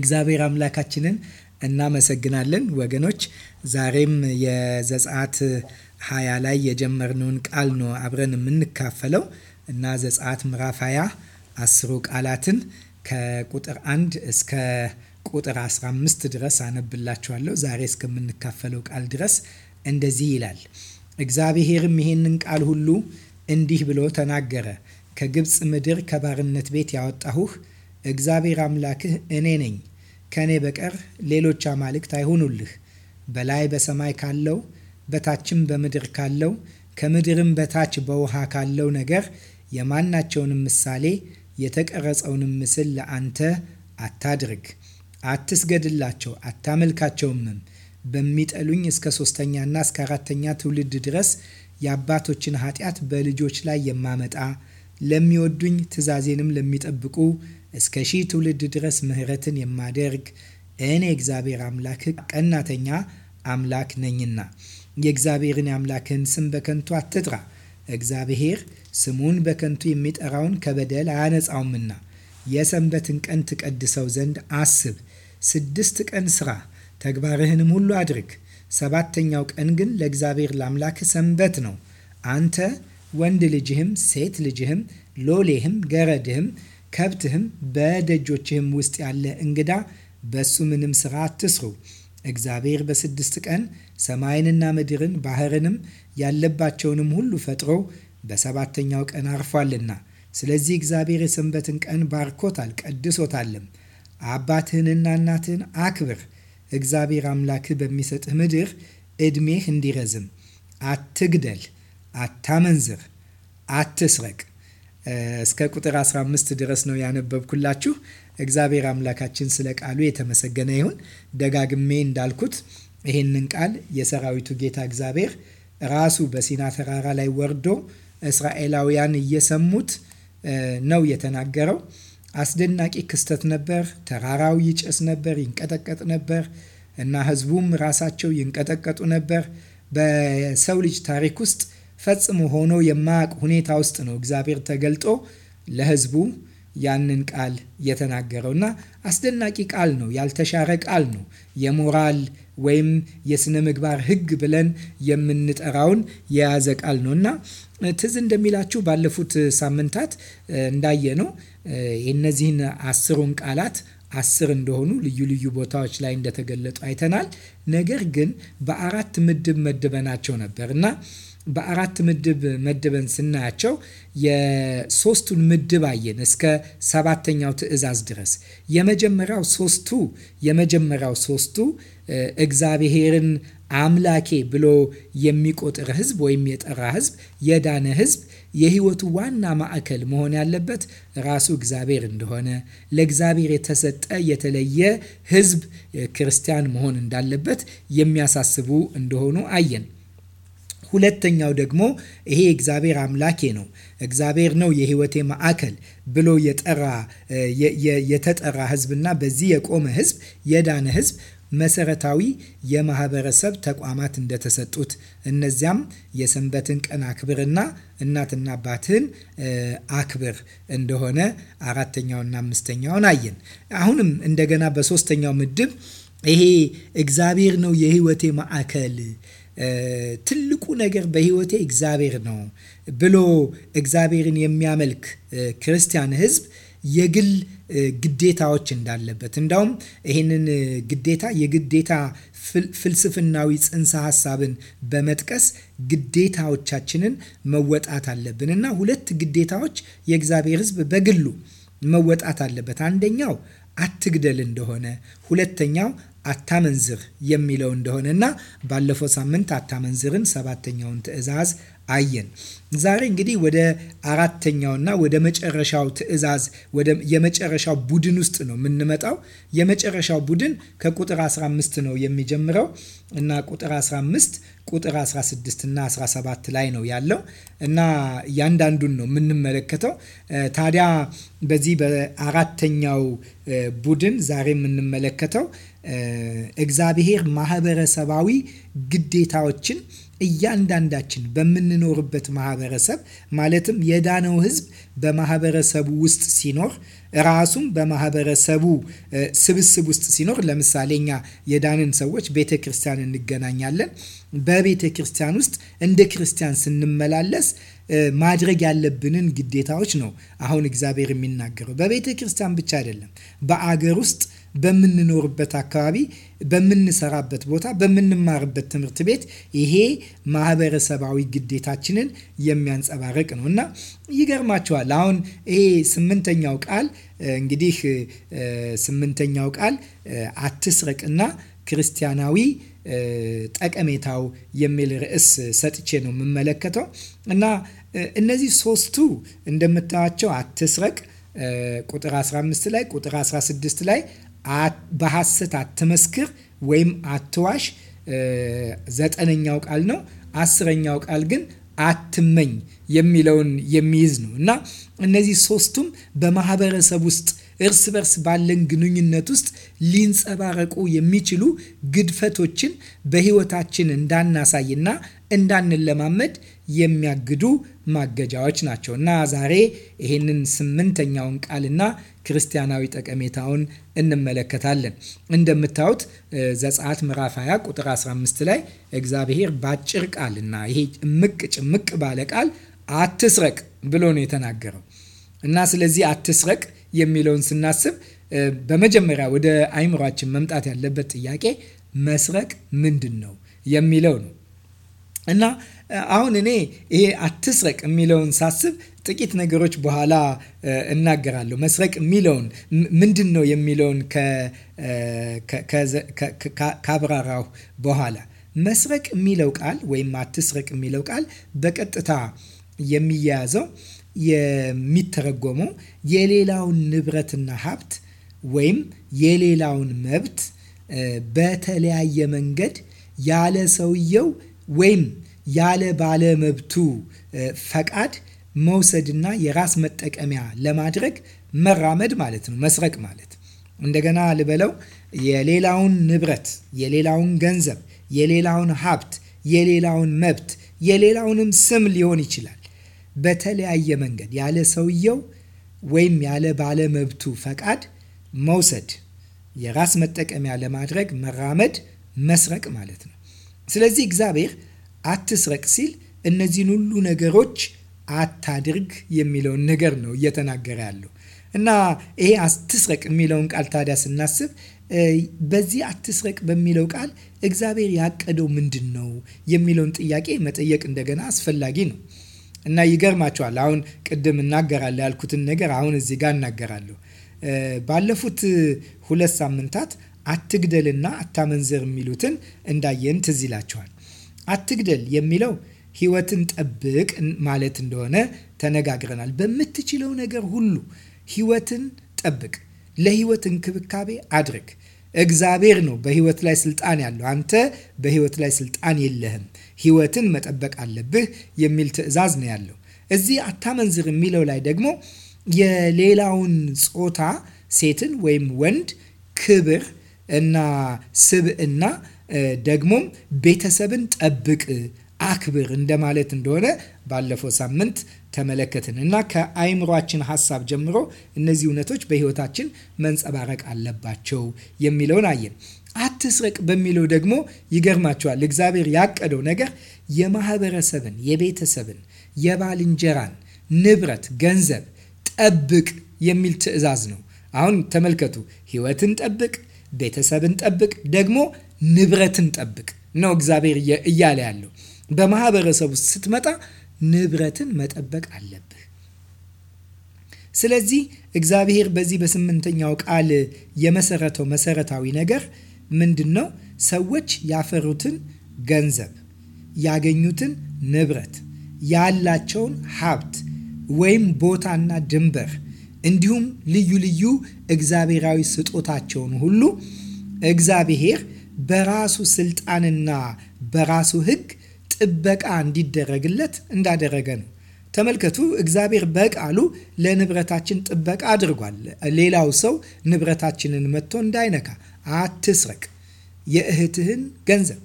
እግዚአብሔር አምላካችንን እናመሰግናለን ወገኖች። ዛሬም የዘጸአት ሀያ ላይ የጀመርነውን ቃል ነው አብረን የምንካፈለው እና ዘጸአት ምዕራፍ ሀያ አስሩ ቃላትን ከቁጥር አንድ እስከ ቁጥር 15 ድረስ አነብላችኋለሁ። ዛሬ እስከምንካፈለው ቃል ድረስ እንደዚህ ይላል። እግዚአብሔርም ይሄንን ቃል ሁሉ እንዲህ ብሎ ተናገረ። ከግብፅ ምድር ከባርነት ቤት ያወጣሁህ እግዚአብሔር አምላክህ እኔ ነኝ፣ ከእኔ በቀር ሌሎች አማልክት አይሁኑልህ። በላይ በሰማይ ካለው በታችም በምድር ካለው ከምድርም በታች በውሃ ካለው ነገር የማናቸውንም ምሳሌ የተቀረጸውንም ምስል ለአንተ አታድርግ። አትስገድላቸው፣ አታመልካቸውምም። በሚጠሉኝ እስከ ሶስተኛና እስከ አራተኛ ትውልድ ድረስ የአባቶችን ኃጢአት በልጆች ላይ የማመጣ ለሚወዱኝ ትእዛዜንም ለሚጠብቁ እስከ ሺህ ትውልድ ድረስ ምሕረትን የማደርግ እኔ እግዚአብሔር አምላክ ቀናተኛ አምላክ ነኝና የእግዚአብሔርን አምላክን ስም በከንቱ አትጥራ። እግዚአብሔር ስሙን በከንቱ የሚጠራውን ከበደል አያነጻውምና የሰንበትን ቀን ትቀድሰው ዘንድ አስብ። ስድስት ቀን ስራ፣ ተግባርህንም ሁሉ አድርግ። ሰባተኛው ቀን ግን ለእግዚአብሔር ለአምላክ ሰንበት ነው። አንተ ወንድ ልጅህም ሴት ልጅህም ሎሌህም ገረድህም ከብትህም በደጆችህም ውስጥ ያለ እንግዳ በሱ ምንም ሥራ አትስሩ። እግዚአብሔር በስድስት ቀን ሰማይንና ምድርን ባህርንም ያለባቸውንም ሁሉ ፈጥሮ በሰባተኛው ቀን አርፏልና ስለዚህ እግዚአብሔር የሰንበትን ቀን ባርኮታል ቀድሶታልም። አባትህንና እናትህን አክብር፣ እግዚአብሔር አምላክህ በሚሰጥህ ምድር ዕድሜህ እንዲረዝም። አትግደል፣ አታመንዝር፣ አትስረቅ እስከ ቁጥር 15 ድረስ ነው ያነበብኩላችሁ። እግዚአብሔር አምላካችን ስለ ቃሉ የተመሰገነ ይሁን። ደጋግሜ እንዳልኩት ይህንን ቃል የሰራዊቱ ጌታ እግዚአብሔር ራሱ በሲና ተራራ ላይ ወርዶ እስራኤላውያን እየሰሙት ነው የተናገረው። አስደናቂ ክስተት ነበር። ተራራው ይጨስ ነበር፣ ይንቀጠቀጥ ነበር እና ህዝቡም ራሳቸው ይንቀጠቀጡ ነበር። በሰው ልጅ ታሪክ ውስጥ ፈጽሞ ሆኖ የማያውቅ ሁኔታ ውስጥ ነው እግዚአብሔር ተገልጦ ለህዝቡ ያንን ቃል የተናገረው እና አስደናቂ ቃል ነው። ያልተሻረ ቃል ነው። የሞራል ወይም የስነ ምግባር ህግ ብለን የምንጠራውን የያዘ ቃል ነው እና ትዝ እንደሚላችሁ ባለፉት ሳምንታት እንዳየ ነው የነዚህን አስሩን ቃላት አስር እንደሆኑ ልዩ ልዩ ቦታዎች ላይ እንደተገለጡ አይተናል። ነገር ግን በአራት ምድብ መድበናቸው ነበር እና በአራት ምድብ መድበን ስናያቸው የሶስቱን ምድብ አየን እስከ ሰባተኛው ትእዛዝ ድረስ። የመጀመሪያው ሶስቱ የመጀመሪያው ሶስቱ እግዚአብሔርን አምላኬ ብሎ የሚቆጥር ህዝብ ወይም የጠራ ህዝብ የዳነ ህዝብ የህይወቱ ዋና ማዕከል መሆን ያለበት ራሱ እግዚአብሔር እንደሆነ ለእግዚአብሔር የተሰጠ የተለየ ህዝብ ክርስቲያን መሆን እንዳለበት የሚያሳስቡ እንደሆኑ አየን። ሁለተኛው ደግሞ ይሄ እግዚአብሔር አምላኬ ነው፣ እግዚአብሔር ነው የህይወቴ ማዕከል ብሎ የጠራ የተጠራ ህዝብና በዚህ የቆመ ህዝብ የዳነ ህዝብ መሰረታዊ የማህበረሰብ ተቋማት እንደተሰጡት እነዚያም የሰንበትን ቀን አክብርና እናትና አባትህን አክብር እንደሆነ አራተኛውና አምስተኛውን አየን። አሁንም እንደገና በሶስተኛው ምድብ ይሄ እግዚአብሔር ነው የህይወቴ ማዕከል ትልቁ ነገር በህይወቴ እግዚአብሔር ነው ብሎ እግዚአብሔርን የሚያመልክ ክርስቲያን ህዝብ የግል ግዴታዎች እንዳለበት እንዳውም ይህንን ግዴታ የግዴታ ፍልስፍናዊ ጽንሰ ሀሳብን በመጥቀስ ግዴታዎቻችንን መወጣት አለብን እና ሁለት ግዴታዎች የእግዚአብሔር ህዝብ በግሉ መወጣት አለበት። አንደኛው አትግደል እንደሆነ፣ ሁለተኛው አታመንዝር የሚለው እንደሆነና ባለፈው ሳምንት አታመንዝርን ሰባተኛውን ትእዛዝ አየን። ዛሬ እንግዲህ ወደ አራተኛውና ወደ መጨረሻው ትእዛዝ ወደ የመጨረሻው ቡድን ውስጥ ነው የምንመጣው። የመጨረሻው ቡድን ከቁጥር 15 ነው የሚጀምረው እና ቁጥር 15 ቁጥር 16 እና 17 ላይ ነው ያለው እና እያንዳንዱን ነው የምንመለከተው። ታዲያ በዚህ በአራተኛው ቡድን ዛሬ የምንመለከተው እግዚአብሔር ማህበረሰባዊ ግዴታዎችን እያንዳንዳችን በምንኖርበት ማህበረሰብ ማለትም የዳነው ህዝብ በማህበረሰቡ ውስጥ ሲኖር ራሱም በማህበረሰቡ ስብስብ ውስጥ ሲኖር፣ ለምሳሌ እኛ የዳንን ሰዎች ቤተ ክርስቲያን እንገናኛለን። በቤተ ክርስቲያን ውስጥ እንደ ክርስቲያን ስንመላለስ ማድረግ ያለብንን ግዴታዎች ነው አሁን እግዚአብሔር የሚናገረው። በቤተ ክርስቲያን ብቻ አይደለም፣ በአገር ውስጥ በምንኖርበት አካባቢ፣ በምንሰራበት ቦታ፣ በምንማርበት ትምህርት ቤት ይሄ ማህበረሰባዊ ግዴታችንን የሚያንጸባርቅ ነው እና ይገርማቸዋል። አሁን ይሄ ስምንተኛው ቃል እንግዲህ ስምንተኛው ቃል አትስረቅና ክርስቲያናዊ ጠቀሜታው የሚል ርዕስ ሰጥቼ ነው የምመለከተው እና እነዚህ ሶስቱ እንደምታያቸው አትስረቅ ቁጥር 15 ላይ ቁጥር 16 ላይ በሐሰት አትመስክር ወይም አትዋሽ ዘጠነኛው ቃል ነው። አስረኛው ቃል ግን አትመኝ የሚለውን የሚይዝ ነው እና እነዚህ ሶስቱም በማህበረሰብ ውስጥ እርስ በርስ ባለን ግንኙነት ውስጥ ሊንጸባረቁ የሚችሉ ግድፈቶችን በህይወታችን እንዳናሳይና እንዳንለማመድ የሚያግዱ ማገጃዎች ናቸው እና ዛሬ ይህንን ስምንተኛውን ቃልና ክርስቲያናዊ ጠቀሜታውን እንመለከታለን። እንደምታዩት ዘጸአት ምዕራፍ 20 ቁጥር 15 ላይ እግዚአብሔር ባጭር ቃልና ይሄ እምቅ ጭምቅ ባለ ቃል አትስረቅ ብሎ ነው የተናገረው እና ስለዚህ አትስረቅ የሚለውን ስናስብ በመጀመሪያ ወደ አይምሯችን መምጣት ያለበት ጥያቄ መስረቅ ምንድን ነው የሚለው ነው እና አሁን እኔ ይሄ አትስረቅ የሚለውን ሳስብ ጥቂት ነገሮች በኋላ እናገራለሁ። መስረቅ የሚለውን ምንድን ነው የሚለውን ካብራራሁ በኋላ መስረቅ የሚለው ቃል ወይም አትስረቅ የሚለው ቃል በቀጥታ የሚያያዘው የሚተረጎመው የሌላውን ንብረትና ሀብት ወይም የሌላውን መብት በተለያየ መንገድ ያለ ሰውየው ወይም ያለ ባለመብቱ ፈቃድ መውሰድና የራስ መጠቀሚያ ለማድረግ መራመድ ማለት ነው። መስረቅ ማለት እንደገና ልበለው፣ የሌላውን ንብረት፣ የሌላውን ገንዘብ፣ የሌላውን ሀብት፣ የሌላውን መብት፣ የሌላውንም ስም ሊሆን ይችላል። በተለያየ መንገድ ያለ ሰውየው ወይም ያለ ባለመብቱ ፈቃድ መውሰድ፣ የራስ መጠቀሚያ ለማድረግ መራመድ መስረቅ ማለት ነው። ስለዚህ እግዚአብሔር አትስረቅ ሲል እነዚህን ሁሉ ነገሮች አታድርግ የሚለውን ነገር ነው እየተናገረ ያለው እና ይሄ አትስረቅ የሚለውን ቃል ታዲያ ስናስብ በዚህ አትስረቅ በሚለው ቃል እግዚአብሔር ያቀደው ምንድን ነው የሚለውን ጥያቄ መጠየቅ እንደገና አስፈላጊ ነው እና ይገርማቸዋል። አሁን ቅድም እናገራለሁ ያልኩትን ነገር አሁን እዚህ ጋር እናገራለሁ። ባለፉት ሁለት ሳምንታት አትግደልና አታመንዘር የሚሉትን እንዳየን ትዝ ይላቸዋል። አትግደል የሚለው ህይወትን ጠብቅ ማለት እንደሆነ ተነጋግረናል። በምትችለው ነገር ሁሉ ህይወትን ጠብቅ፣ ለህይወት እንክብካቤ አድርግ። እግዚአብሔር ነው በህይወት ላይ ስልጣን ያለው። አንተ በህይወት ላይ ስልጣን የለህም፣ ህይወትን መጠበቅ አለብህ የሚል ትዕዛዝ ነው ያለው። እዚህ አታመንዝር የሚለው ላይ ደግሞ የሌላውን ጾታ ሴትን ወይም ወንድ ክብር እና ስብዕና ደግሞም ቤተሰብን ጠብቅ፣ አክብር እንደማለት እንደሆነ ባለፈው ሳምንት ተመለከትን እና ከአይምሯችን ሀሳብ ጀምሮ እነዚህ እውነቶች በሕይወታችን መንጸባረቅ አለባቸው የሚለውን አየን። አትስረቅ በሚለው ደግሞ ይገርማቸዋል። እግዚአብሔር ያቀደው ነገር የማህበረሰብን፣ የቤተሰብን፣ የባልንጀራን ንብረት፣ ገንዘብ ጠብቅ የሚል ትዕዛዝ ነው። አሁን ተመልከቱ። ህይወትን ጠብቅ፣ ቤተሰብን ጠብቅ፣ ደግሞ ንብረትን ጠብቅ ነው እግዚአብሔር እያለ ያለው። በማህበረሰብ ውስጥ ስትመጣ ንብረትን መጠበቅ አለብህ። ስለዚህ እግዚአብሔር በዚህ በስምንተኛው ቃል የመሰረተው መሰረታዊ ነገር ምንድን ነው? ሰዎች ያፈሩትን ገንዘብ፣ ያገኙትን ንብረት፣ ያላቸውን ሀብት ወይም ቦታና ድንበር እንዲሁም ልዩ ልዩ እግዚአብሔራዊ ስጦታቸውን ሁሉ እግዚአብሔር በራሱ ስልጣንና በራሱ ህግ ጥበቃ እንዲደረግለት እንዳደረገ ነው። ተመልከቱ፣ እግዚአብሔር በቃሉ ለንብረታችን ጥበቃ አድርጓል። ሌላው ሰው ንብረታችንን መጥቶ እንዳይነካ፣ አትስረቅ፣ የእህትህን ገንዘብ፣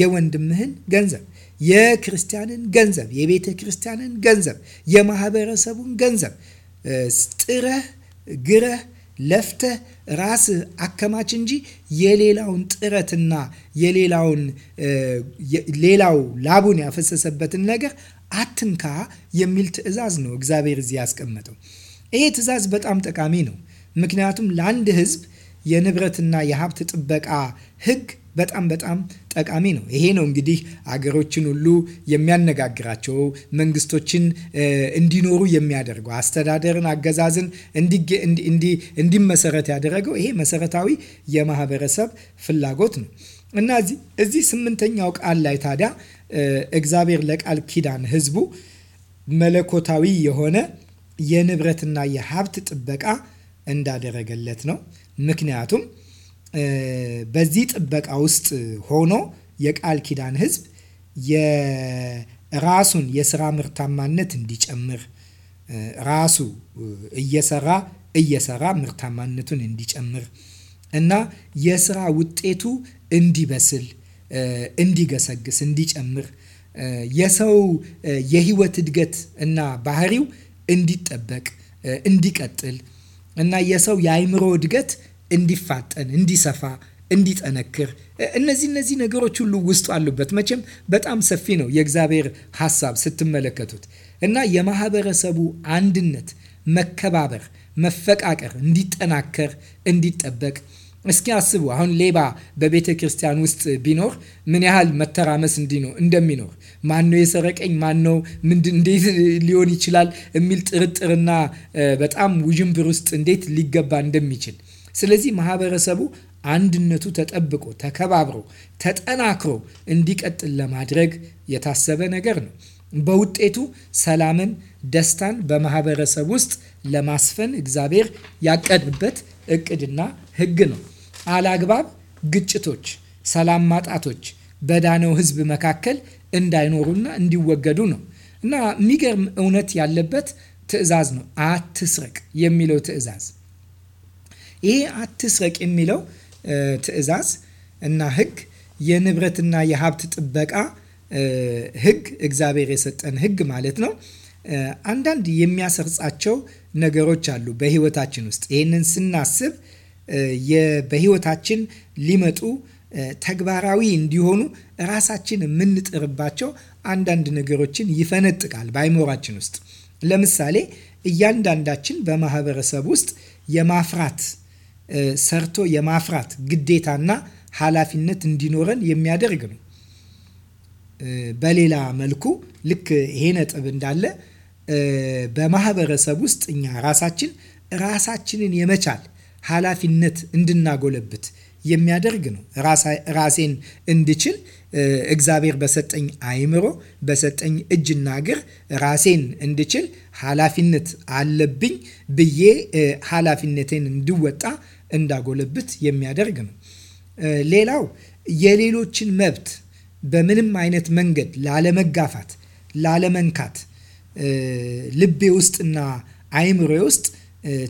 የወንድምህን ገንዘብ፣ የክርስቲያንን ገንዘብ፣ የቤተ ክርስቲያንን ገንዘብ፣ የማህበረሰቡን ገንዘብ ጥረህ ግረህ ለፍተህ ራስህ አከማች እንጂ የሌላውን ጥረትና የሌላውን ሌላው ላቡን ያፈሰሰበትን ነገር አትንካ የሚል ትዕዛዝ ነው እግዚአብሔር እዚህ ያስቀመጠው። ይሄ ትዕዛዝ በጣም ጠቃሚ ነው። ምክንያቱም ለአንድ ሕዝብ የንብረትና የሀብት ጥበቃ ሕግ በጣም በጣም ጠቃሚ ነው። ይሄ ነው እንግዲህ አገሮችን ሁሉ የሚያነጋግራቸው መንግስቶችን እንዲኖሩ የሚያደርገው አስተዳደርን፣ አገዛዝን እንዲመሰረት ያደረገው ይሄ መሰረታዊ የማህበረሰብ ፍላጎት ነው እና እዚህ ስምንተኛው ቃል ላይ ታዲያ እግዚአብሔር ለቃል ኪዳን ህዝቡ መለኮታዊ የሆነ የንብረትና የሀብት ጥበቃ እንዳደረገለት ነው ምክንያቱም በዚህ ጥበቃ ውስጥ ሆኖ የቃል ኪዳን ህዝብ የራሱን የስራ ምርታማነት እንዲጨምር ራሱ እየሰራ እየሰራ ምርታማነቱን እንዲጨምር እና የስራ ውጤቱ እንዲበስል፣ እንዲገሰግስ፣ እንዲጨምር የሰው የህይወት እድገት እና ባህሪው እንዲጠበቅ፣ እንዲቀጥል እና የሰው የአይምሮ እድገት እንዲፋጠን፣ እንዲሰፋ፣ እንዲጠነክር እነዚህ እነዚህ ነገሮች ሁሉ ውስጡ አሉበት። መቼም በጣም ሰፊ ነው የእግዚአብሔር ሀሳብ ስትመለከቱት እና የማህበረሰቡ አንድነት፣ መከባበር፣ መፈቃቀር እንዲጠናከር፣ እንዲጠበቅ እስኪ አስቡ። አሁን ሌባ በቤተ ክርስቲያን ውስጥ ቢኖር ምን ያህል መተራመስ እንደሚኖር ማነው የሰረቀኝ፣ ማነው ምንድን፣ እንዴት ሊሆን ይችላል የሚል ጥርጥርና በጣም ውዥንብር ውስጥ እንዴት ሊገባ እንደሚችል ስለዚህ ማህበረሰቡ አንድነቱ ተጠብቆ ተከባብሮ ተጠናክሮ እንዲቀጥል ለማድረግ የታሰበ ነገር ነው። በውጤቱ ሰላምን፣ ደስታን በማህበረሰብ ውስጥ ለማስፈን እግዚአብሔር ያቀድበት እቅድና ህግ ነው። አላግባብ ግጭቶች፣ ሰላም ማጣቶች በዳነው ህዝብ መካከል እንዳይኖሩና እንዲወገዱ ነው እና የሚገርም እውነት ያለበት ትዕዛዝ ነው። አትስረቅ የሚለው ትዕዛዝ ይሄ አትስረቅ የሚለው ትዕዛዝ እና ህግ የንብረትና የሀብት ጥበቃ ህግ እግዚአብሔር የሰጠን ህግ ማለት ነው። አንዳንድ የሚያሰርጻቸው ነገሮች አሉ በህይወታችን ውስጥ ይህንን ስናስብ በህይወታችን ሊመጡ ተግባራዊ እንዲሆኑ ራሳችን የምንጥርባቸው አንዳንድ ነገሮችን ይፈነጥቃል በአይምሯችን ውስጥ ለምሳሌ እያንዳንዳችን በማህበረሰብ ውስጥ የማፍራት ሰርቶ የማፍራት ግዴታና ኃላፊነት እንዲኖረን የሚያደርግ ነው። በሌላ መልኩ ልክ ይሄ ነጥብ እንዳለ በማህበረሰብ ውስጥ እኛ ራሳችን ራሳችንን የመቻል ኃላፊነት እንድናጎለብት የሚያደርግ ነው። ራሴን እንድችል እግዚአብሔር በሰጠኝ አይምሮ በሰጠኝ እጅና እግር ራሴን እንድችል ኃላፊነት አለብኝ ብዬ ኃላፊነቴን እንድወጣ እንዳጎለብት የሚያደርግ ነው። ሌላው የሌሎችን መብት በምንም አይነት መንገድ ላለመጋፋት፣ ላለመንካት ልቤ ውስጥና አይምሮዬ ውስጥ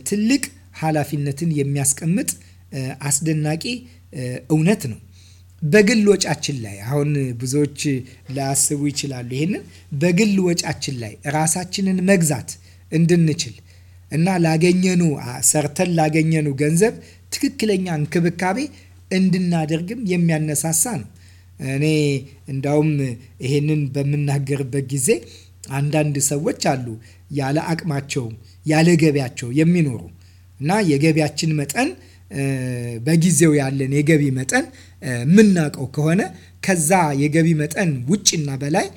ትልቅ ኃላፊነትን የሚያስቀምጥ አስደናቂ እውነት ነው። በግል ወጫችን ላይ አሁን ብዙዎች ላያስቡ ይችላሉ። ይህንን በግል ወጫችን ላይ ራሳችንን መግዛት እንድንችል እና ላገኘኑ ሰርተን ላገኘኑ ገንዘብ ትክክለኛ እንክብካቤ እንድናደርግም የሚያነሳሳ ነው። እኔ እንዳውም ይሄንን በምናገርበት ጊዜ አንዳንድ ሰዎች አሉ ያለ አቅማቸው ያለ ገቢያቸው የሚኖሩ እና የገቢያችን መጠን በጊዜው ያለን የገቢ መጠን የምናውቀው ከሆነ ከዛ የገቢ መጠን ውጭና በላይ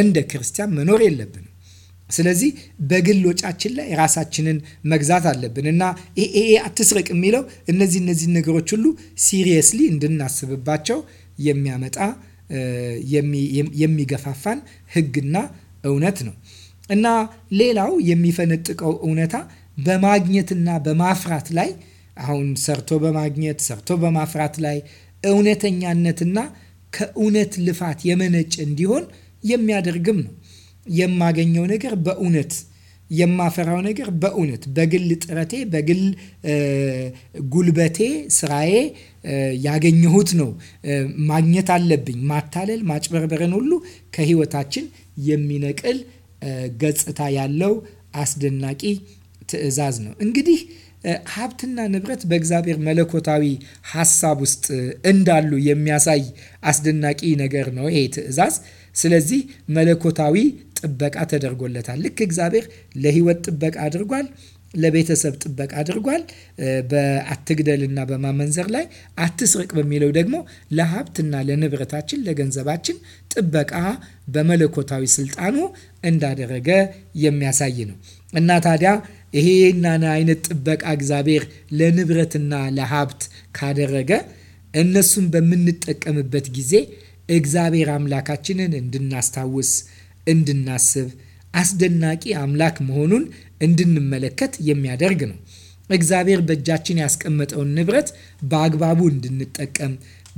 እንደ ክርስቲያን መኖር የለብንም። ስለዚህ በግል ወጫችን ላይ ራሳችንን መግዛት አለብን እና ይሄ አትስረቅ የሚለው እነዚህ እነዚህ ነገሮች ሁሉ ሲሪየስሊ እንድናስብባቸው የሚያመጣ የሚገፋፋን ህግና እውነት ነው እና ሌላው የሚፈነጥቀው እውነታ በማግኘትና በማፍራት ላይ አሁን ሰርቶ በማግኘት ሰርቶ በማፍራት ላይ እውነተኛነትና ከእውነት ልፋት የመነጭ እንዲሆን የሚያደርግም ነው የማገኘው ነገር በእውነት የማፈራው ነገር በእውነት በግል ጥረቴ በግል ጉልበቴ ስራዬ ያገኘሁት ነው። ማግኘት አለብኝ። ማታለል፣ ማጭበርበርን ሁሉ ከህይወታችን የሚነቅል ገጽታ ያለው አስደናቂ ትዕዛዝ ነው። እንግዲህ ሀብትና ንብረት በእግዚአብሔር መለኮታዊ ሀሳብ ውስጥ እንዳሉ የሚያሳይ አስደናቂ ነገር ነው ይሄ ትዕዛዝ። ስለዚህ መለኮታዊ ጥበቃ ተደርጎለታል። ልክ እግዚአብሔር ለህይወት ጥበቃ አድርጓል፣ ለቤተሰብ ጥበቃ አድርጓል። በአትግደልና በማመንዘር ላይ አትስርቅ በሚለው ደግሞ ለሀብትና ለንብረታችን ለገንዘባችን ጥበቃ በመለኮታዊ ስልጣኑ እንዳደረገ የሚያሳይ ነው እና ታዲያ ይሄና አይነት ጥበቃ እግዚአብሔር ለንብረትና ለሀብት ካደረገ እነሱን በምንጠቀምበት ጊዜ እግዚአብሔር አምላካችንን እንድናስታውስ እንድናስብ አስደናቂ አምላክ መሆኑን እንድንመለከት የሚያደርግ ነው። እግዚአብሔር በእጃችን ያስቀመጠውን ንብረት በአግባቡ እንድንጠቀም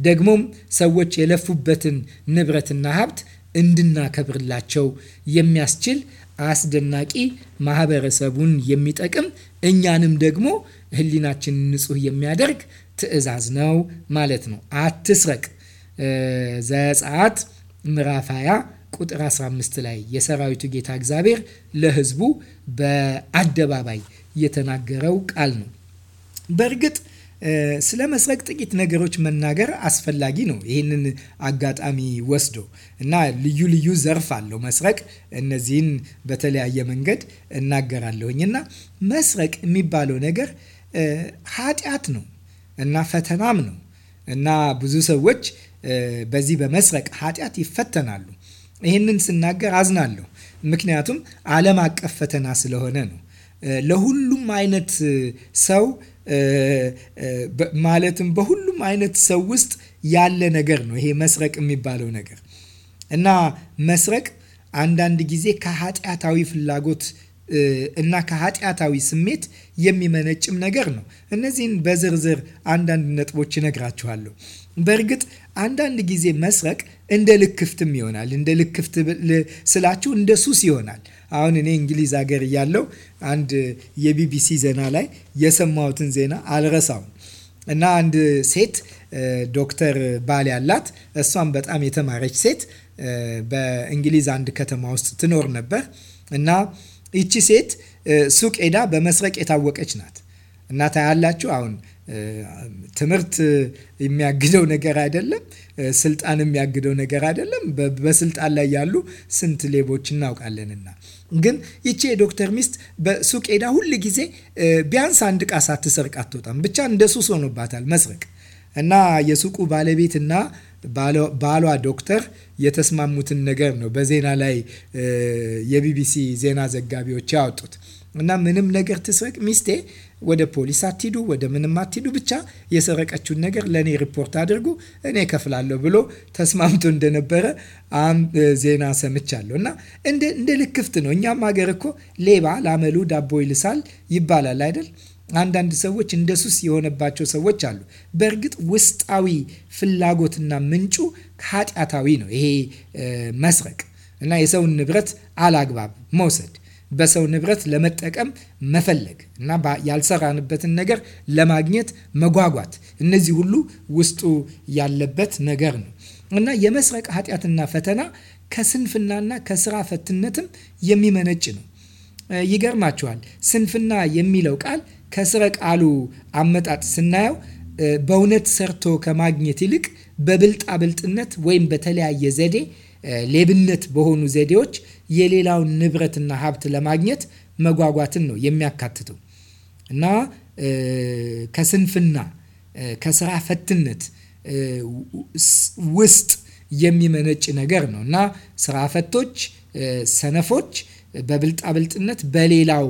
ደግሞም ሰዎች የለፉበትን ንብረትና ሀብት እንድናከብርላቸው የሚያስችል አስደናቂ ማህበረሰቡን የሚጠቅም እኛንም ደግሞ ህሊናችን ንጹህ የሚያደርግ ትእዛዝ ነው ማለት ነው። አትስረቅ ዘጸአት ምዕራፍ 20 ቁጥር 15 ላይ የሰራዊቱ ጌታ እግዚአብሔር ለሕዝቡ በአደባባይ የተናገረው ቃል ነው። በእርግጥ ስለ መስረቅ ጥቂት ነገሮች መናገር አስፈላጊ ነው። ይህንን አጋጣሚ ወስዶ እና ልዩ ልዩ ዘርፍ አለው መስረቅ። እነዚህን በተለያየ መንገድ እናገራለሁኝ እና መስረቅ የሚባለው ነገር ኃጢአት ነው እና ፈተናም ነው እና ብዙ ሰዎች በዚህ በመስረቅ ኃጢአት ይፈተናሉ ይህንን ስናገር አዝናለሁ። ምክንያቱም ዓለም አቀፍ ፈተና ስለሆነ ነው። ለሁሉም አይነት ሰው ማለትም በሁሉም አይነት ሰው ውስጥ ያለ ነገር ነው ይሄ መስረቅ የሚባለው ነገር እና መስረቅ አንዳንድ ጊዜ ከኃጢአታዊ ፍላጎት እና ከኃጢአታዊ ስሜት የሚመነጭም ነገር ነው። እነዚህን በዝርዝር አንዳንድ ነጥቦች እነግራችኋለሁ። በእርግጥ አንዳንድ ጊዜ መስረቅ እንደ ልክፍትም ይሆናል። እንደ ልክፍት ስላችሁ እንደ ሱስ ይሆናል። አሁን እኔ እንግሊዝ ሀገር እያለው አንድ የቢቢሲ ዜና ላይ የሰማሁትን ዜና አልረሳውም እና አንድ ሴት ዶክተር ባል ያላት እሷም በጣም የተማረች ሴት በእንግሊዝ አንድ ከተማ ውስጥ ትኖር ነበር እና ይቺ ሴት ሱቅ ሄዳ በመስረቅ የታወቀች ናት እና ታያላችሁ አሁን ትምህርት የሚያግደው ነገር አይደለም። ስልጣን የሚያግደው ነገር አይደለም። በስልጣን ላይ ያሉ ስንት ሌቦች እናውቃለንና። ግን ይቺ የዶክተር ሚስት በሱቅ ሄዳ ሁል ጊዜ ቢያንስ አንድ ዕቃ ሳትሰርቅ አትወጣም። ብቻ እንደ ሱስ ሆኖባታል መስረቅ እና የሱቁ ባለቤትና ባሏ ዶክተር የተስማሙትን ነገር ነው በዜና ላይ የቢቢሲ ዜና ዘጋቢዎች ያወጡት እና ምንም ነገር ትስረቅ ሚስቴ ወደ ፖሊስ አትሂዱ፣ ወደ ምንም አትሂዱ፣ ብቻ የሰረቀችውን ነገር ለእኔ ሪፖርት አድርጉ፣ እኔ ከፍላለሁ ብሎ ተስማምቶ እንደነበረ ዜና ሰምቻለሁ። እና እንደ ልክፍት ነው። እኛም ሀገር እኮ ሌባ ላመሉ ዳቦ ይልሳል ይባላል አይደል? አንዳንድ ሰዎች እንደ ሱስ የሆነባቸው ሰዎች አሉ። በእርግጥ ውስጣዊ ፍላጎትና ምንጩ ኃጢአታዊ ነው ይሄ መስረቅ እና የሰውን ንብረት አላግባብ መውሰድ በሰው ንብረት ለመጠቀም መፈለግ እና ያልሰራንበትን ነገር ለማግኘት መጓጓት፣ እነዚህ ሁሉ ውስጡ ያለበት ነገር ነው እና የመስረቅ ኃጢአትና ፈተና ከስንፍናና ከስራ ፈትነትም የሚመነጭ ነው። ይገርማችኋል። ስንፍና የሚለው ቃል ከስረ ቃሉ አመጣጥ ስናየው በእውነት ሰርቶ ከማግኘት ይልቅ በብልጣብልጥነት ወይም በተለያየ ዘዴ ሌብነት በሆኑ ዘዴዎች የሌላውን ንብረትና ሀብት ለማግኘት መጓጓትን ነው የሚያካትተው እና ከስንፍና ከስራ ፈትነት ውስጥ የሚመነጭ ነገር ነው እና ስራ ፈቶች፣ ሰነፎች በብልጣብልጥነት በሌላው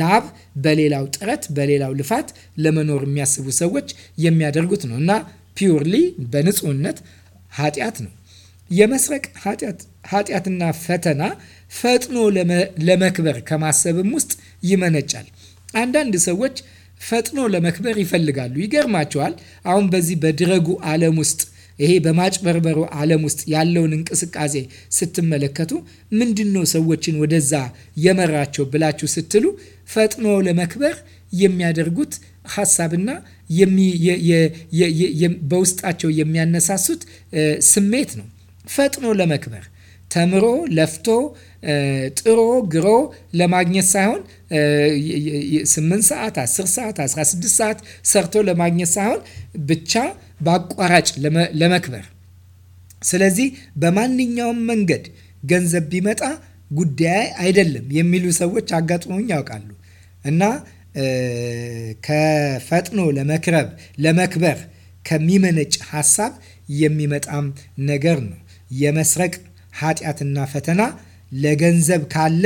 ላብ፣ በሌላው ጥረት፣ በሌላው ልፋት ለመኖር የሚያስቡ ሰዎች የሚያደርጉት ነው እና ፒውርሊ በንጹህነት ኃጢአት ነው። የመስረቅ ኃጢአት ኃጢአትና ፈተና ፈጥኖ ለመክበር ከማሰብም ውስጥ ይመነጫል። አንዳንድ ሰዎች ፈጥኖ ለመክበር ይፈልጋሉ። ይገርማቸዋል። አሁን በዚህ በድረጉ ዓለም ውስጥ ይሄ በማጭበርበሩ ዓለም ውስጥ ያለውን እንቅስቃሴ ስትመለከቱ ምንድን ነው ሰዎችን ወደዛ የመራቸው ብላችሁ ስትሉ ፈጥኖ ለመክበር የሚያደርጉት ሀሳብና በውስጣቸው የሚያነሳሱት ስሜት ነው። ፈጥኖ ለመክበር ተምሮ ለፍቶ ጥሮ ግሮ ለማግኘት ሳይሆን 8 ሰዓት አስር ሰዓት 16 ሰዓት ሰርቶ ለማግኘት ሳይሆን ብቻ በአቋራጭ ለመክበር። ስለዚህ በማንኛውም መንገድ ገንዘብ ቢመጣ ጉዳይ አይደለም የሚሉ ሰዎች አጋጥሞኝ ያውቃሉ እና ከፈጥኖ ለመክረብ ለመክበር ከሚመነጭ ሀሳብ የሚመጣም ነገር ነው የመስረቅ ኃጢአትና ፈተና ለገንዘብ ካለ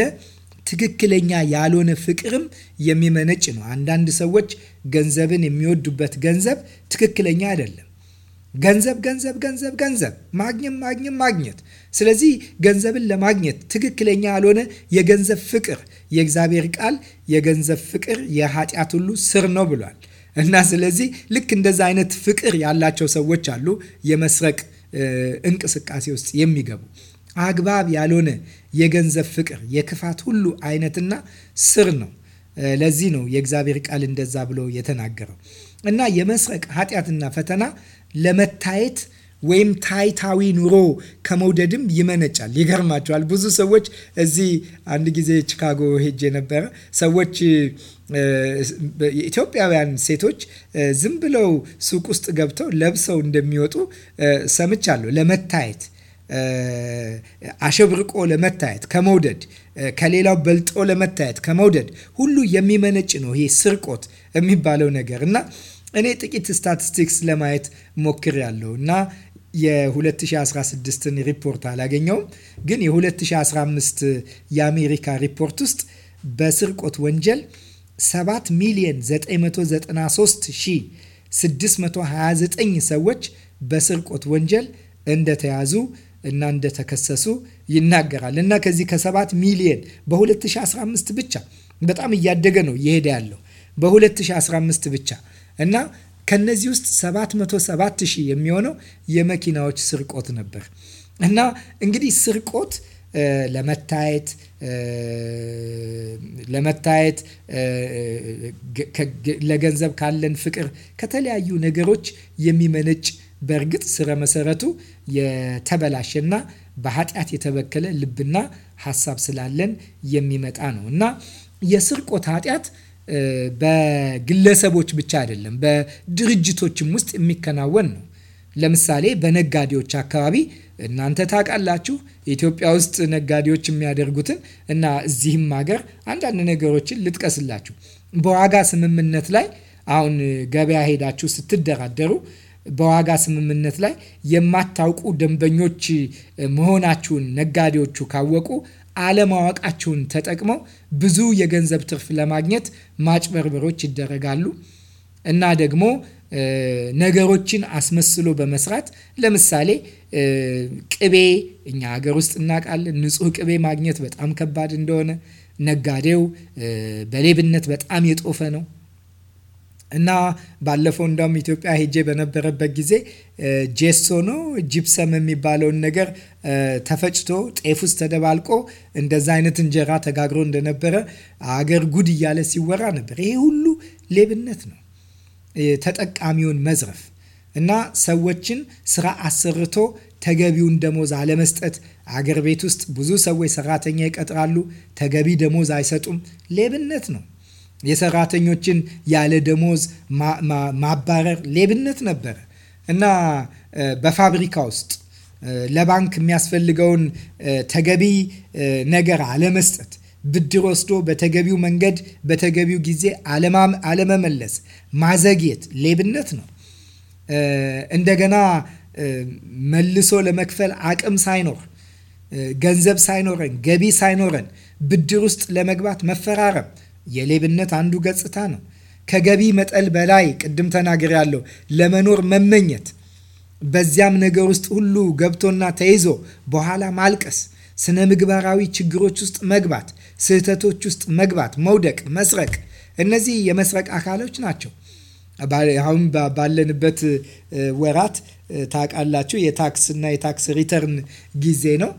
ትክክለኛ ያልሆነ ፍቅርም የሚመነጭ ነው። አንዳንድ ሰዎች ገንዘብን የሚወዱበት ገንዘብ ትክክለኛ አይደለም። ገንዘብ ገንዘብ ገንዘብ ገንዘብ ማግኘት ማግኘት ማግኘት። ስለዚህ ገንዘብን ለማግኘት ትክክለኛ ያልሆነ የገንዘብ ፍቅር የእግዚአብሔር ቃል የገንዘብ ፍቅር የኃጢአት ሁሉ ስር ነው ብሏል እና ስለዚህ ልክ እንደዛ አይነት ፍቅር ያላቸው ሰዎች አሉ የመስረቅ እንቅስቃሴ ውስጥ የሚገቡ አግባብ ያልሆነ የገንዘብ ፍቅር የክፋት ሁሉ አይነትና ስር ነው። ለዚህ ነው የእግዚአብሔር ቃል እንደዛ ብሎ የተናገረው እና የመስረቅ ኃጢአትና ፈተና ለመታየት ወይም ታይታዊ ኑሮ ከመውደድም ይመነጫል። ይገርማቸዋል። ብዙ ሰዎች እዚህ አንድ ጊዜ ቺካጎ ሄጄ የነበረ ሰዎች ኢትዮጵያውያን ሴቶች ዝም ብለው ሱቅ ውስጥ ገብተው ለብሰው እንደሚወጡ ሰምቻለሁ ለመታየት አሸብርቆ ለመታየት ከመውደድ ከሌላው በልጦ ለመታየት ከመውደድ ሁሉ የሚመነጭ ነው ይሄ ስርቆት የሚባለው ነገር እና እኔ ጥቂት ስታቲስቲክስ ለማየት ሞክር ያለው እና የ2016ን ሪፖርት አላገኘውም፣ ግን የ2015 የአሜሪካ ሪፖርት ውስጥ በስርቆት ወንጀል 7 ሚሊዮን 993,629 ሰዎች በስርቆት ወንጀል እንደተያዙ እና እንደተከሰሱ ይናገራል እና ከዚህ ከ7 ሚሊየን በ2015 ብቻ በጣም እያደገ ነው እየሄደ ያለው በ2015 ብቻ እና ከነዚህ ውስጥ 707 ሺህ የሚሆነው የመኪናዎች ስርቆት ነበር እና እንግዲህ ስርቆት ለመታየት ለመታየት ለገንዘብ ካለን ፍቅር ከተለያዩ ነገሮች የሚመነጭ በእርግጥ ስረ መሰረቱ የተበላሸና በኃጢአት የተበከለ ልብና ሀሳብ ስላለን የሚመጣ ነው እና የስርቆት ኃጢአት በግለሰቦች ብቻ አይደለም፣ በድርጅቶችም ውስጥ የሚከናወን ነው። ለምሳሌ በነጋዴዎች አካባቢ እናንተ ታውቃላችሁ፣ ኢትዮጵያ ውስጥ ነጋዴዎች የሚያደርጉትን እና እዚህም ሀገር አንዳንድ ነገሮችን ልጥቀስላችሁ። በዋጋ ስምምነት ላይ አሁን ገበያ ሄዳችሁ ስትደራደሩ በዋጋ ስምምነት ላይ የማታውቁ ደንበኞች መሆናችሁን ነጋዴዎቹ ካወቁ አለማወቃችሁን ተጠቅመው ብዙ የገንዘብ ትርፍ ለማግኘት ማጭበርበሮች ይደረጋሉ እና ደግሞ ነገሮችን አስመስሎ በመስራት ለምሳሌ ቅቤ እኛ ሀገር ውስጥ እናውቃለን። ንጹህ ቅቤ ማግኘት በጣም ከባድ እንደሆነ ነጋዴው በሌብነት በጣም የጦፈ ነው። እና ባለፈው እንዳውም ኢትዮጵያ ሄጄ በነበረበት ጊዜ ጄሶ ነው ጂፕሰም የሚባለውን ነገር ተፈጭቶ ጤፍ ውስጥ ተደባልቆ እንደዛ አይነት እንጀራ ተጋግሮ እንደነበረ አገር ጉድ እያለ ሲወራ ነበር። ይሄ ሁሉ ሌብነት ነው፣ ተጠቃሚውን መዝረፍ እና ሰዎችን ስራ አሰርቶ ተገቢውን ደሞዝ አለመስጠት። አገር ቤት ውስጥ ብዙ ሰዎች ሰራተኛ ይቀጥራሉ፣ ተገቢ ደሞዝ አይሰጡም። ሌብነት ነው። የሰራተኞችን ያለ ደሞዝ ማባረር ሌብነት ነበረ እና በፋብሪካ ውስጥ ለባንክ የሚያስፈልገውን ተገቢ ነገር አለመስጠት ብድር ወስዶ በተገቢው መንገድ በተገቢው ጊዜ አለመመለስ፣ ማዘግየት ሌብነት ነው። እንደገና መልሶ ለመክፈል አቅም ሳይኖር ገንዘብ ሳይኖረን ገቢ ሳይኖረን ብድር ውስጥ ለመግባት መፈራረም የሌብነት አንዱ ገጽታ ነው። ከገቢ መጠን በላይ ቅድም ተናገር ያለው ለመኖር መመኘት፣ በዚያም ነገር ውስጥ ሁሉ ገብቶና ተይዞ በኋላ ማልቀስ፣ ስነ ምግባራዊ ችግሮች ውስጥ መግባት፣ ስህተቶች ውስጥ መግባት፣ መውደቅ፣ መስረቅ፣ እነዚህ የመስረቅ አካሎች ናቸው። አሁን ባለንበት ወራት ታውቃላችሁ የታክስና የታክስ ሪተርን ጊዜ ነው።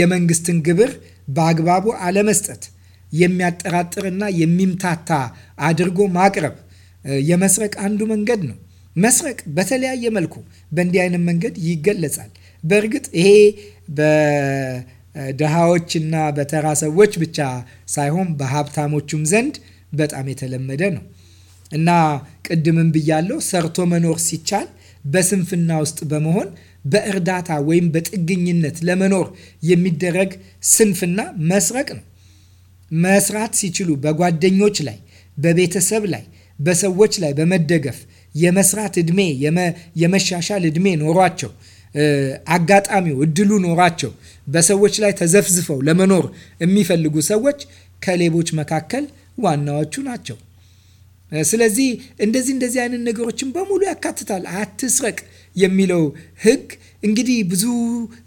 የመንግስትን ግብር በአግባቡ አለመስጠት የሚያጠራጥርና የሚምታታ አድርጎ ማቅረብ የመስረቅ አንዱ መንገድ ነው። መስረቅ በተለያየ መልኩ በእንዲህ አይነት መንገድ ይገለጻል። በእርግጥ ይሄ በድሃዎችና በተራ ሰዎች ብቻ ሳይሆን በሀብታሞቹም ዘንድ በጣም የተለመደ ነው እና ቅድምም ብያለው ሰርቶ መኖር ሲቻል በስንፍና ውስጥ በመሆን በእርዳታ ወይም በጥግኝነት ለመኖር የሚደረግ ስንፍና መስረቅ ነው። መስራት ሲችሉ በጓደኞች ላይ፣ በቤተሰብ ላይ፣ በሰዎች ላይ በመደገፍ የመስራት እድሜ የመሻሻል እድሜ ኖሯቸው አጋጣሚው እድሉ ኖሯቸው በሰዎች ላይ ተዘፍዝፈው ለመኖር የሚፈልጉ ሰዎች ከሌቦች መካከል ዋናዎቹ ናቸው። ስለዚህ እንደዚህ እንደዚህ አይነት ነገሮችን በሙሉ ያካትታል። አትስረቅ የሚለው ሕግ እንግዲህ ብዙ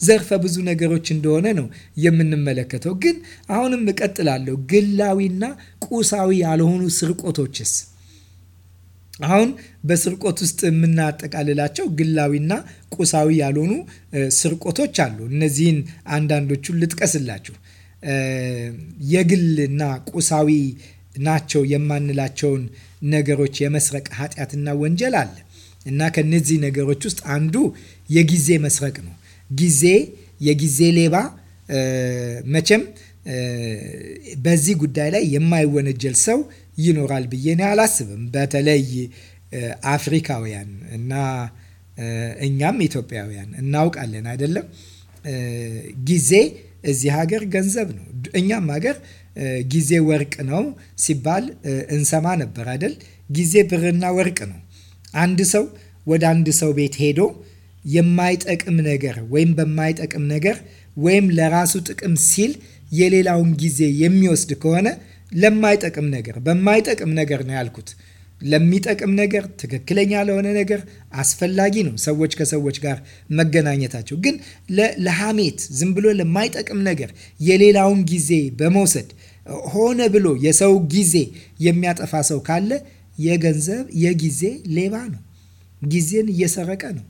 ዘርፈ ብዙ ነገሮች እንደሆነ ነው የምንመለከተው። ግን አሁንም እቀጥላለሁ። ግላዊና ቁሳዊ ያልሆኑ ስርቆቶችስ? አሁን በስርቆት ውስጥ የምናጠቃልላቸው ግላዊና ቁሳዊ ያልሆኑ ስርቆቶች አሉ። እነዚህን አንዳንዶቹን ልጥቀስላችሁ። የግልና ቁሳዊ ናቸው የማንላቸውን ነገሮች የመስረቅ ኃጢአትና ወንጀል አለ። እና ከነዚህ ነገሮች ውስጥ አንዱ የጊዜ መስረቅ ነው። ጊዜ የጊዜ ሌባ መቼም በዚህ ጉዳይ ላይ የማይወነጀል ሰው ይኖራል ብዬ እኔ አላስብም። በተለይ አፍሪካውያን እና እኛም ኢትዮጵያውያን እናውቃለን አይደለም። ጊዜ እዚህ ሀገር ገንዘብ ነው። እኛም ሀገር ጊዜ ወርቅ ነው ሲባል እንሰማ ነበር አይደል? ጊዜ ብርና ወርቅ ነው። አንድ ሰው ወደ አንድ ሰው ቤት ሄዶ የማይጠቅም ነገር ወይም በማይጠቅም ነገር ወይም ለራሱ ጥቅም ሲል የሌላውን ጊዜ የሚወስድ ከሆነ ለማይጠቅም ነገር በማይጠቅም ነገር ነው ያልኩት። ለሚጠቅም ነገር፣ ትክክለኛ ለሆነ ነገር አስፈላጊ ነው ሰዎች ከሰዎች ጋር መገናኘታቸው። ግን ለሐሜት ዝም ብሎ ለማይጠቅም ነገር የሌላውን ጊዜ በመውሰድ ሆነ ብሎ የሰው ጊዜ የሚያጠፋ ሰው ካለ የገንዘብ የጊዜ ሌባ ነው። ጊዜን እየሰረቀ ነው።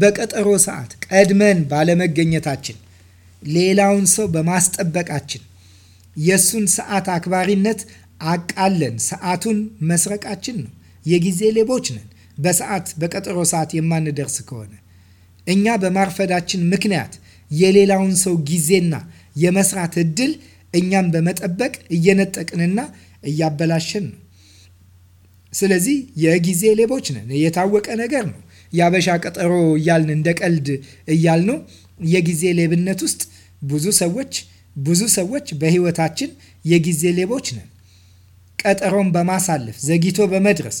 በቀጠሮ ሰዓት ቀድመን ባለመገኘታችን፣ ሌላውን ሰው በማስጠበቃችን፣ የእሱን ሰዓት አክባሪነት አቃለን ሰዓቱን መስረቃችን ነው። የጊዜ ሌቦች ነን። በሰዓት በቀጠሮ ሰዓት የማንደርስ ከሆነ እኛ በማርፈዳችን ምክንያት የሌላውን ሰው ጊዜና የመስራት እድል እኛም በመጠበቅ እየነጠቅንና እያበላሸን ነው። ስለዚህ የጊዜ ሌቦች ነን። የታወቀ ነገር ነው። የአበሻ ቀጠሮ እያልን እንደ ቀልድ እያልኑ የጊዜ ሌብነት ውስጥ ብዙ ሰዎች ብዙ ሰዎች በህይወታችን የጊዜ ሌቦች ነን። ቀጠሮን በማሳለፍ ዘግይቶ በመድረስ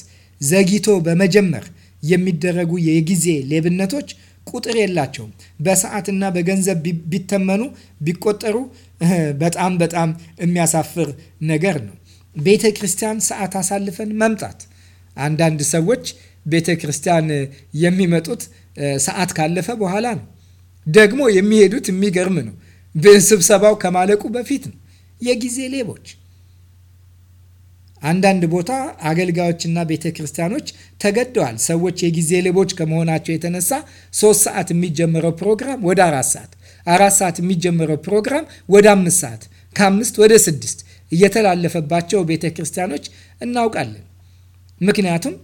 ዘግይቶ በመጀመር የሚደረጉ የጊዜ ሌብነቶች ቁጥር የላቸውም። በሰዓትና በገንዘብ ቢተመኑ ቢቆጠሩ በጣም በጣም የሚያሳፍር ነገር ነው። ቤተ ክርስቲያን ሰዓት አሳልፈን መምጣት። አንዳንድ ሰዎች ቤተ ክርስቲያን የሚመጡት ሰዓት ካለፈ በኋላ ነው። ደግሞ የሚሄዱት የሚገርም ነው፣ ስብሰባው ከማለቁ በፊት ነው። የጊዜ ሌቦች። አንዳንድ ቦታ አገልጋዮችና ቤተ ክርስቲያኖች ተገደዋል። ሰዎች የጊዜ ሌቦች ከመሆናቸው የተነሳ ሶስት ሰዓት የሚጀምረው ፕሮግራም ወደ አራት ሰዓት፣ አራት ሰዓት የሚጀምረው ፕሮግራም ወደ አምስት ሰዓት፣ ከአምስት ወደ ስድስት እየተላለፈባቸው ቤተ ክርስቲያኖች እናውቃለን። ምክንያቱም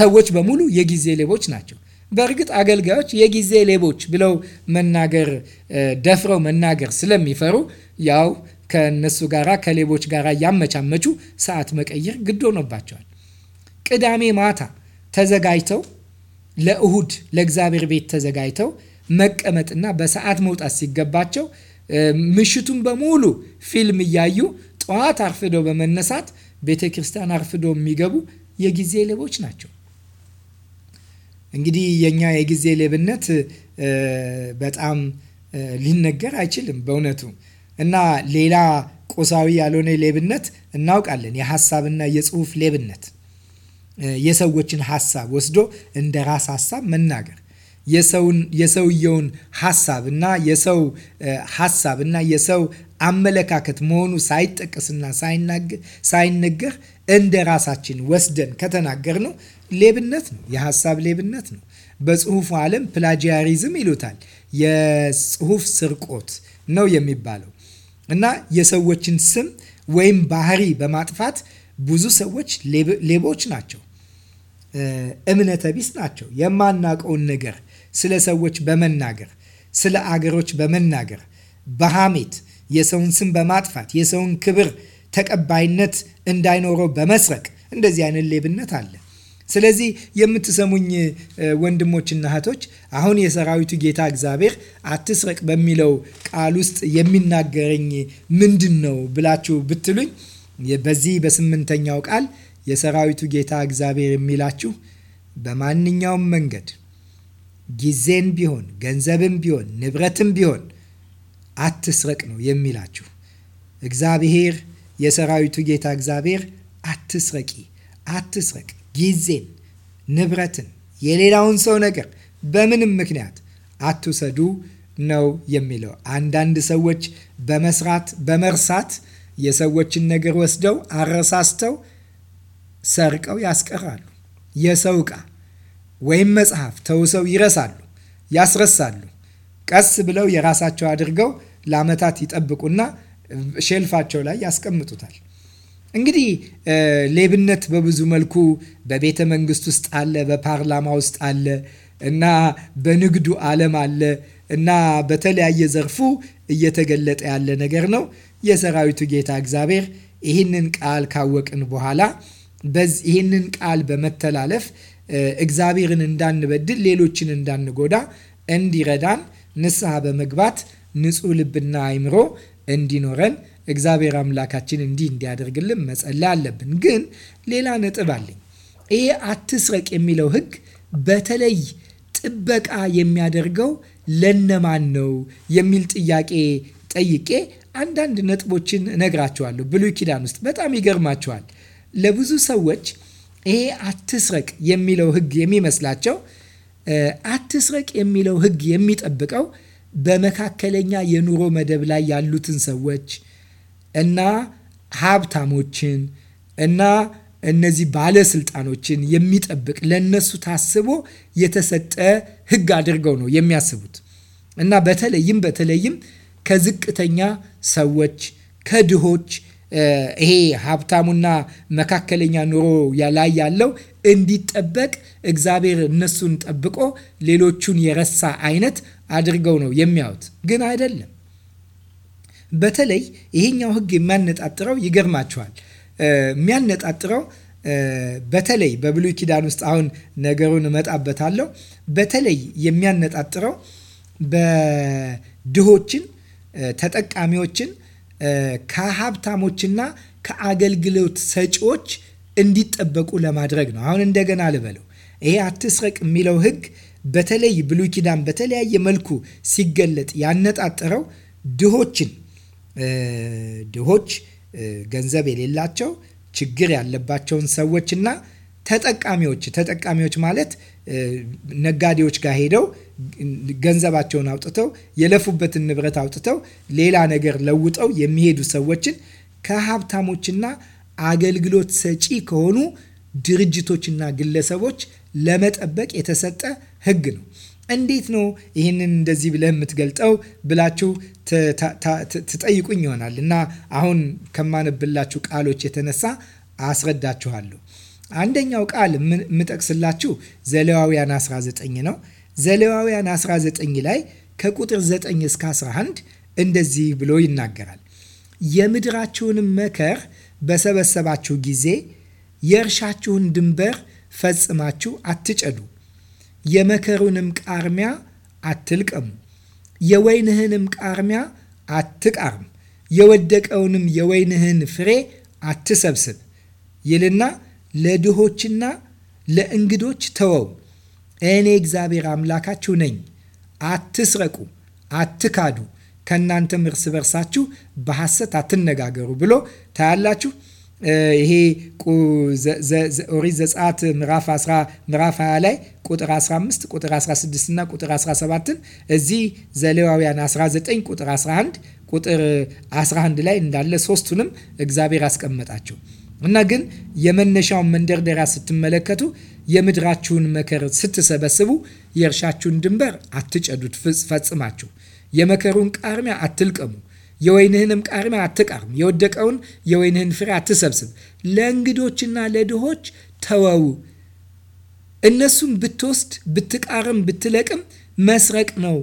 ሰዎች በሙሉ የጊዜ ሌቦች ናቸው። በእርግጥ አገልጋዮች የጊዜ ሌቦች ብለው መናገር ደፍረው መናገር ስለሚፈሩ ያው ከነሱ ጋራ ከሌቦች ጋር እያመቻመቹ ሰዓት መቀየር ግድ ሆኖባቸዋል። ቅዳሜ ማታ ተዘጋጅተው ለእሁድ ለእግዚአብሔር ቤት ተዘጋጅተው መቀመጥና በሰዓት መውጣት ሲገባቸው ምሽቱን በሙሉ ፊልም እያዩ ጠዋት አርፍዶ በመነሳት ቤተ ክርስቲያን አርፍዶ የሚገቡ የጊዜ ሌቦች ናቸው። እንግዲህ የኛ የጊዜ ሌብነት በጣም ሊነገር አይችልም በእውነቱ እና ሌላ ቁሳዊ ያልሆነ ሌብነት እናውቃለን። የሀሳብና የጽሁፍ ሌብነት የሰዎችን ሀሳብ ወስዶ እንደ ራስ ሀሳብ መናገር የሰውየውን ሀሳብ እና የሰው ሀሳብ እና የሰው አመለካከት መሆኑ ሳይጠቀስና ሳይነገር እንደ ራሳችን ወስደን ከተናገር ነው ሌብነት ነው፣ የሀሳብ ሌብነት ነው። በጽሁፉ ዓለም ፕላጂያሪዝም ይሉታል። የጽሁፍ ስርቆት ነው የሚባለው እና የሰዎችን ስም ወይም ባህሪ በማጥፋት ብዙ ሰዎች ሌቦች ናቸው፣ እምነተቢስ ናቸው። የማናውቀውን ነገር ስለ ሰዎች በመናገር ስለ አገሮች በመናገር በሐሜት የሰውን ስም በማጥፋት የሰውን ክብር ተቀባይነት እንዳይኖረው በመስረቅ እንደዚህ አይነት ሌብነት አለ። ስለዚህ የምትሰሙኝ ወንድሞችና እህቶች አሁን የሰራዊቱ ጌታ እግዚአብሔር አትስረቅ በሚለው ቃል ውስጥ የሚናገረኝ ምንድን ነው ብላችሁ ብትሉኝ በዚህ በስምንተኛው ቃል የሰራዊቱ ጌታ እግዚአብሔር የሚላችሁ በማንኛውም መንገድ ጊዜን ቢሆን ገንዘብም ቢሆን ንብረትም ቢሆን አትስረቅ ነው የሚላችሁ። እግዚአብሔር የሰራዊቱ ጌታ እግዚአብሔር አትስረቂ፣ አትስረቅ ጊዜን፣ ንብረትን፣ የሌላውን ሰው ነገር በምንም ምክንያት አትውሰዱ ነው የሚለው። አንዳንድ ሰዎች በመስራት በመርሳት የሰዎችን ነገር ወስደው አረሳስተው ሰርቀው ያስቀራሉ። የሰው ዕቃ ወይም መጽሐፍ ተውሰው ይረሳሉ፣ ያስረሳሉ። ቀስ ብለው የራሳቸው አድርገው ለአመታት ይጠብቁና ሼልፋቸው ላይ ያስቀምጡታል። እንግዲህ ሌብነት በብዙ መልኩ በቤተ መንግስት ውስጥ አለ፣ በፓርላማ ውስጥ አለ እና በንግዱ ዓለም አለ እና በተለያየ ዘርፉ እየተገለጠ ያለ ነገር ነው። የሰራዊቱ ጌታ እግዚአብሔር ይህንን ቃል ካወቅን በኋላ ይህንን ቃል በመተላለፍ እግዚአብሔርን እንዳንበድል፣ ሌሎችን እንዳንጎዳ እንዲረዳን ንስሐ በመግባት ንጹህ ልብና አይምሮ እንዲኖረን እግዚአብሔር አምላካችን እንዲህ እንዲያደርግልን መጸለይ አለብን። ግን ሌላ ነጥብ አለኝ። ይሄ አትስረቅ የሚለው ህግ በተለይ ጥበቃ የሚያደርገው ለነማን ነው የሚል ጥያቄ ጠይቄ አንዳንድ ነጥቦችን እነግራቸዋለሁ። ብሉይ ኪዳን ውስጥ በጣም ይገርማቸዋል። ለብዙ ሰዎች ይሄ አትስረቅ የሚለው ህግ የሚመስላቸው አትስረቅ የሚለው ህግ የሚጠብቀው በመካከለኛ የኑሮ መደብ ላይ ያሉትን ሰዎች እና ሀብታሞችን እና እነዚህ ባለስልጣኖችን የሚጠብቅ ለነሱ ታስቦ የተሰጠ ሕግ አድርገው ነው የሚያስቡት እና በተለይም በተለይም ከዝቅተኛ ሰዎች ከድሆች ይሄ ሀብታሙና መካከለኛ ኑሮ ላይ ያለው እንዲጠበቅ እግዚአብሔር እነሱን ጠብቆ ሌሎቹን የረሳ አይነት አድርገው ነው የሚያዩት፣ ግን አይደለም። በተለይ ይሄኛው ህግ የሚያነጣጥረው ይገርማችኋል። የሚያነጣጥረው በተለይ በብሉይ ኪዳን ውስጥ አሁን ነገሩን እመጣበታለሁ። በተለይ የሚያነጣጥረው በድሆችን ተጠቃሚዎችን ከሀብታሞችና ከአገልግሎት ሰጪዎች እንዲጠበቁ ለማድረግ ነው። አሁን እንደገና ልበለው፣ ይሄ አትስረቅ የሚለው ህግ በተለይ ብሉይ ኪዳን በተለያየ መልኩ ሲገለጥ ያነጣጠረው ድሆችን ድሆች ገንዘብ የሌላቸው ችግር ያለባቸውን ሰዎችና ተጠቃሚዎች ተጠቃሚዎች ማለት ነጋዴዎች ጋር ሄደው ገንዘባቸውን አውጥተው የለፉበትን ንብረት አውጥተው ሌላ ነገር ለውጠው የሚሄዱ ሰዎችን ከሀብታሞችና አገልግሎት ሰጪ ከሆኑ ድርጅቶችና ግለሰቦች ለመጠበቅ የተሰጠ ህግ ነው። እንዴት ነው ይህንን እንደዚህ ብለህ የምትገልጠው ብላችሁ ትጠይቁኝ ይሆናል እና አሁን ከማነብላችሁ ቃሎች የተነሳ አስረዳችኋለሁ። አንደኛው ቃል የምጠቅስላችሁ ዘሌዋውያን 19 ነው። ዘሌዋውያን 19 ላይ ከቁጥር 9 እስከ 11 እንደዚህ ብሎ ይናገራል። የምድራችሁንም መከር በሰበሰባችሁ ጊዜ የእርሻችሁን ድንበር ፈጽማችሁ አትጨዱ፣ የመከሩንም ቃርሚያ አትልቀሙ፣ የወይንህንም ቃርሚያ አትቃርም፣ የወደቀውንም የወይንህን ፍሬ አትሰብስብ ይልና ለድሆችና ለእንግዶች ተወው። እኔ እግዚአብሔር አምላካችሁ ነኝ። አትስረቁ፣ አትካዱ፣ ከእናንተም እርስ በርሳችሁ በሐሰት አትነጋገሩ ብሎ ታያላችሁ። ይሄ ኦሪት ዘጸአት ምዕራፍ 20 ላይ ቁጥር 15 ቁጥር 16 እና ቁጥር 17ን እዚህ ዘሌዋውያን 19 ቁጥር 11 ቁጥር 11 ላይ እንዳለ ሶስቱንም እግዚአብሔር አስቀመጣቸው እና ግን የመነሻውን መንደርደሪያ ስትመለከቱ የምድራችሁን መከር ስትሰበስቡ የእርሻችሁን ድንበር አትጨዱት ፈጽማችሁ የመከሩን ቃርሚያ አትልቀሙ የወይንህንም ቃርሚ አትቃርም፣ የወደቀውን የወይንህን ፍሬ አትሰብስብ። ለእንግዶችና ለድሆች ተወው። እነሱም ብትወስድ ብትቃርም ብትለቅም መስረቅ ነው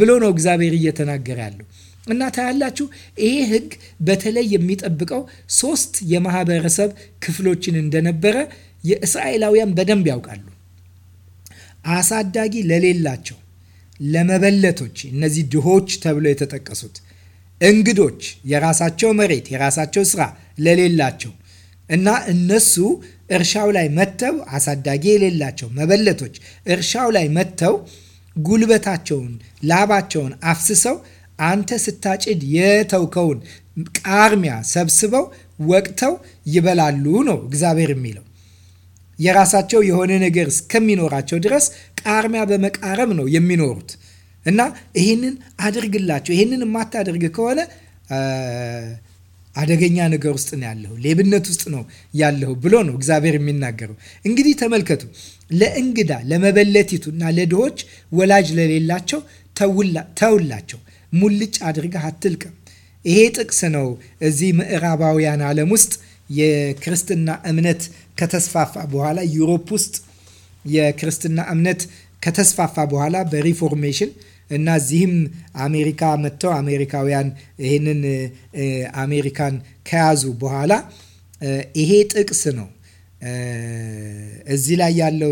ብሎ ነው እግዚአብሔር እየተናገረ ያለው እና ታያላችሁ፣ ይሄ ህግ በተለይ የሚጠብቀው ሶስት የማህበረሰብ ክፍሎችን እንደነበረ የእስራኤላውያን በደንብ ያውቃሉ። አሳዳጊ ለሌላቸው፣ ለመበለቶች፣ እነዚህ ድሆች ተብሎ የተጠቀሱት እንግዶች የራሳቸው መሬት የራሳቸው ስራ ለሌላቸው እና እነሱ እርሻው ላይ መጥተው አሳዳጊ የሌላቸው መበለቶች እርሻው ላይ መጥተው ጉልበታቸውን ላባቸውን አፍስሰው አንተ ስታጭድ የተውከውን ቃርሚያ ሰብስበው ወቅተው ይበላሉ ነው እግዚአብሔር የሚለው። የራሳቸው የሆነ ነገር እስከሚኖራቸው ድረስ ቃርሚያ በመቃረም ነው የሚኖሩት። እና ይህንን አድርግላቸው። ይህንን የማታደርግ ከሆነ አደገኛ ነገር ውስጥ ነው ያለሁ፣ ሌብነት ውስጥ ነው ያለው ብሎ ነው እግዚአብሔር የሚናገረው። እንግዲህ ተመልከቱ፣ ለእንግዳ ለመበለቲቱ እና ለድሆች ወላጅ ለሌላቸው ተውላቸው፣ ሙልጭ አድርገህ አትልቅም። ይሄ ጥቅስ ነው እዚህ ምዕራባውያን ዓለም ውስጥ የክርስትና እምነት ከተስፋፋ በኋላ ዩሮፕ ውስጥ የክርስትና እምነት ከተስፋፋ በኋላ በሪፎርሜሽን እና እዚህም አሜሪካ መጥተው አሜሪካውያን ይህንን አሜሪካን ከያዙ በኋላ ይሄ ጥቅስ ነው እዚህ ላይ ያለው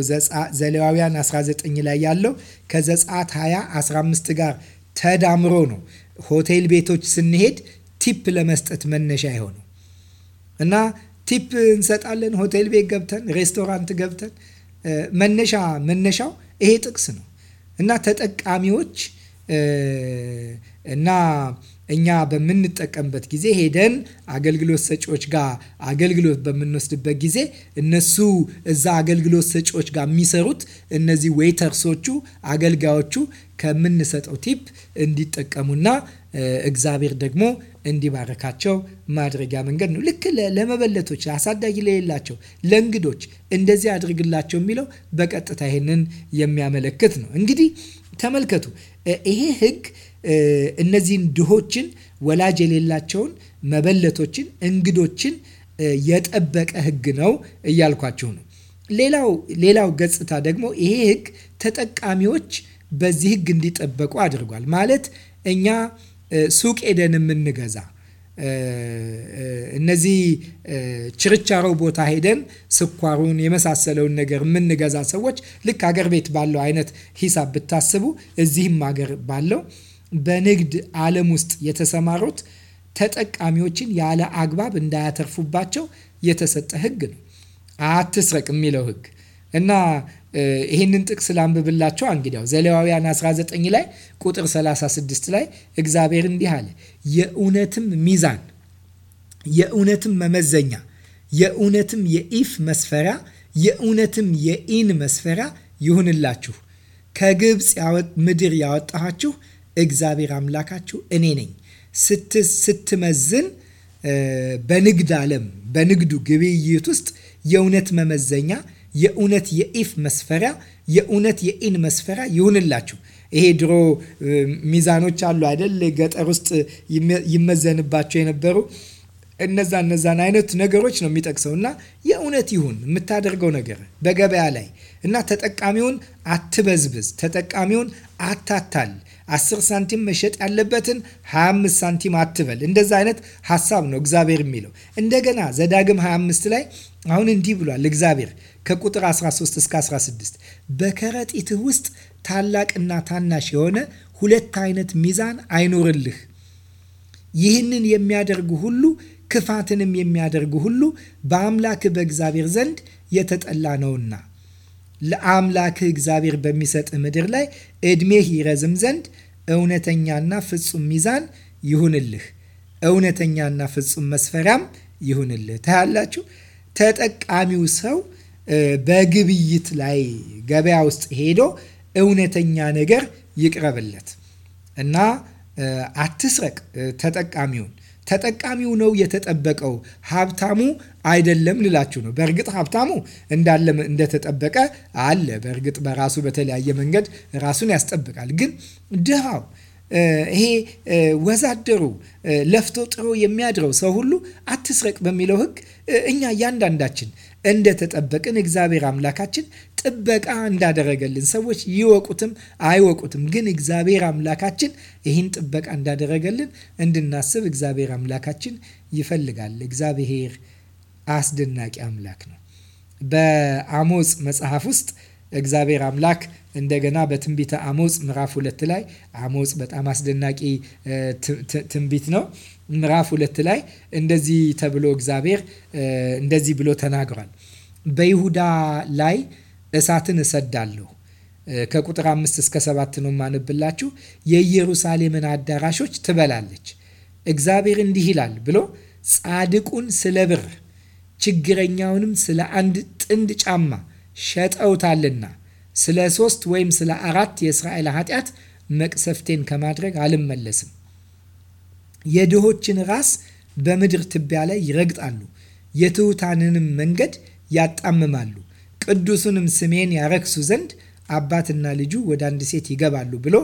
ዘሌዋውያን 19 ላይ ያለው ከዘጸአት 20 15 ጋር ተዳምሮ ነው ሆቴል ቤቶች ስንሄድ ቲፕ ለመስጠት መነሻ የሆነው እና ቲፕ እንሰጣለን ሆቴል ቤት ገብተን ሬስቶራንት ገብተን መነሻ መነሻው ይሄ ጥቅስ ነው እና ተጠቃሚዎች እና እኛ በምንጠቀምበት ጊዜ ሄደን አገልግሎት ሰጪዎች ጋር አገልግሎት በምንወስድበት ጊዜ እነሱ እዛ አገልግሎት ሰጪዎች ጋር የሚሰሩት እነዚህ ዌይተርሶቹ አገልጋዮቹ ከምንሰጠው ቲፕ እንዲጠቀሙና እግዚአብሔር ደግሞ እንዲባረካቸው ማድረጊያ መንገድ ነው። ልክ ለመበለቶች፣ አሳዳጊ ለሌላቸው፣ ለእንግዶች እንደዚህ አድርግላቸው የሚለው በቀጥታ ይሄንን የሚያመለክት ነው። እንግዲህ ተመልከቱ ይሄ ህግ እነዚህን ድሆችን፣ ወላጅ የሌላቸውን፣ መበለቶችን፣ እንግዶችን የጠበቀ ህግ ነው እያልኳችሁ ነው። ሌላው ሌላው ገጽታ ደግሞ ይሄ ህግ ተጠቃሚዎች በዚህ ህግ እንዲጠበቁ አድርጓል ማለት እኛ ሱቅ ሄደን የምንገዛ እነዚህ ችርቻሮ ቦታ ሄደን ስኳሩን የመሳሰለውን ነገር የምንገዛ ሰዎች ልክ አገር ቤት ባለው አይነት ሂሳብ ብታስቡ እዚህም አገር ባለው በንግድ ዓለም ውስጥ የተሰማሩት ተጠቃሚዎችን ያለ አግባብ እንዳያተርፉባቸው የተሰጠ ሕግ ነው። አትስረቅ የሚለው ሕግ እና ይህንን ጥቅስ ላንብብላቸው እንግዲያው ዘሌዋውያን 19 ላይ ቁጥር 36 ላይ እግዚአብሔር እንዲህ አለ፣ የእውነትም ሚዛን፣ የእውነትም መመዘኛ፣ የእውነትም የኢፍ መስፈሪያ፣ የእውነትም የኢን መስፈሪያ ይሁንላችሁ። ከግብፅ ምድር ያወጣኋችሁ እግዚአብሔር አምላካችሁ እኔ ነኝ። ስትመዝን በንግድ ዓለም በንግዱ ግብይት ውስጥ የእውነት መመዘኛ የእውነት የኢፍ መስፈሪያ የእውነት የኢን መስፈሪያ ይሁንላችሁ። ይሄ ድሮ ሚዛኖች አሉ አይደል? ገጠር ውስጥ ይመዘንባቸው የነበሩ እነዛ እነዛን አይነት ነገሮች ነው የሚጠቅሰው እና የእውነት ይሁን የምታደርገው ነገር በገበያ ላይ እና ተጠቃሚውን አትበዝብዝ፣ ተጠቃሚውን አታታል። 10 ሳንቲም መሸጥ ያለበትን 25 ሳንቲም አትበል። እንደዛ አይነት ሀሳብ ነው እግዚአብሔር የሚለው። እንደገና ዘዳግም 25 ላይ አሁን እንዲህ ብሏል እግዚአብሔር ከቁጥር 13 እስከ 16 በከረጢትህ ውስጥ ታላቅና ታናሽ የሆነ ሁለት አይነት ሚዛን አይኖርልህ። ይህንን የሚያደርጉ ሁሉ ክፋትንም የሚያደርጉ ሁሉ በአምላክህ በእግዚአብሔር ዘንድ የተጠላ ነውና ለአምላክህ እግዚአብሔር በሚሰጥህ ምድር ላይ ዕድሜህ ይረዝም ዘንድ እውነተኛና ፍጹም ሚዛን ይሁንልህ፣ እውነተኛና ፍጹም መስፈሪያም ይሁንልህ። ታያላችሁ ተጠቃሚው ሰው በግብይት ላይ ገበያ ውስጥ ሄዶ እውነተኛ ነገር ይቅረብለት እና አትስረቅ። ተጠቃሚውን ተጠቃሚው ነው የተጠበቀው፣ ሀብታሙ አይደለም ልላችሁ ነው። በእርግጥ ሀብታሙ እንዳለ እንደተጠበቀ አለ። በእርግጥ በራሱ በተለያየ መንገድ ራሱን ያስጠብቃል። ግን ድሃው ይሄ ወዛደሩ ለፍቶ ጥሮ የሚያድረው ሰው ሁሉ አትስረቅ በሚለው ሕግ እኛ እያንዳንዳችን እንደተጠበቅን እግዚአብሔር አምላካችን ጥበቃ እንዳደረገልን ሰዎች ይወቁትም አይወቁትም፣ ግን እግዚአብሔር አምላካችን ይህን ጥበቃ እንዳደረገልን እንድናስብ እግዚአብሔር አምላካችን ይፈልጋል። እግዚአብሔር አስደናቂ አምላክ ነው። በአሞጽ መጽሐፍ ውስጥ እግዚአብሔር አምላክ እንደገና በትንቢተ አሞጽ ምዕራፍ ሁለት ላይ አሞጽ በጣም አስደናቂ ትንቢት ነው። ምዕራፍ ሁለት ላይ እንደዚህ ተብሎ እግዚአብሔር እንደዚህ ብሎ ተናግሯል። በይሁዳ ላይ እሳትን እሰዳለሁ። ከቁጥር አምስት እስከ ሰባት ነው ማነብላችሁ። የኢየሩሳሌምን አዳራሾች ትበላለች። እግዚአብሔር እንዲህ ይላል ብሎ ጻድቁን ስለ ብር ችግረኛውንም ስለ አንድ ጥንድ ጫማ ሸጠውታልና ስለ ሶስት ወይም ስለ አራት የእስራኤል ኃጢአት መቅሰፍቴን ከማድረግ አልመለስም የድሆችን ራስ በምድር ትቢያ ላይ ይረግጣሉ፣ የትሑታንንም መንገድ ያጣምማሉ፣ ቅዱሱንም ስሜን ያረክሱ ዘንድ አባትና ልጁ ወደ አንድ ሴት ይገባሉ ብሎ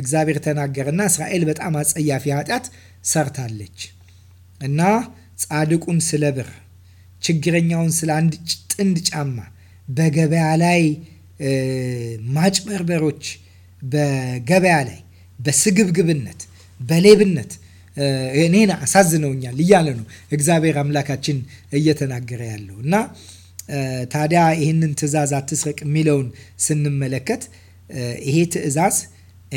እግዚአብሔር ተናገረና እስራኤል በጣም አጸያፊ ኃጢአት ሰርታለች እና ጻድቁን ስለ ብር ችግረኛውን ስለ አንድ ጥንድ ጫማ በገበያ ላይ ማጭበርበሮች በገበያ ላይ በስግብግብነት፣ በሌብነት እኔን አሳዝነውኛል እያለ ነው እግዚአብሔር አምላካችን እየተናገረ ያለው እና ታዲያ ይህንን ትእዛዝ አትስረቅ የሚለውን ስንመለከት ይሄ ትእዛዝ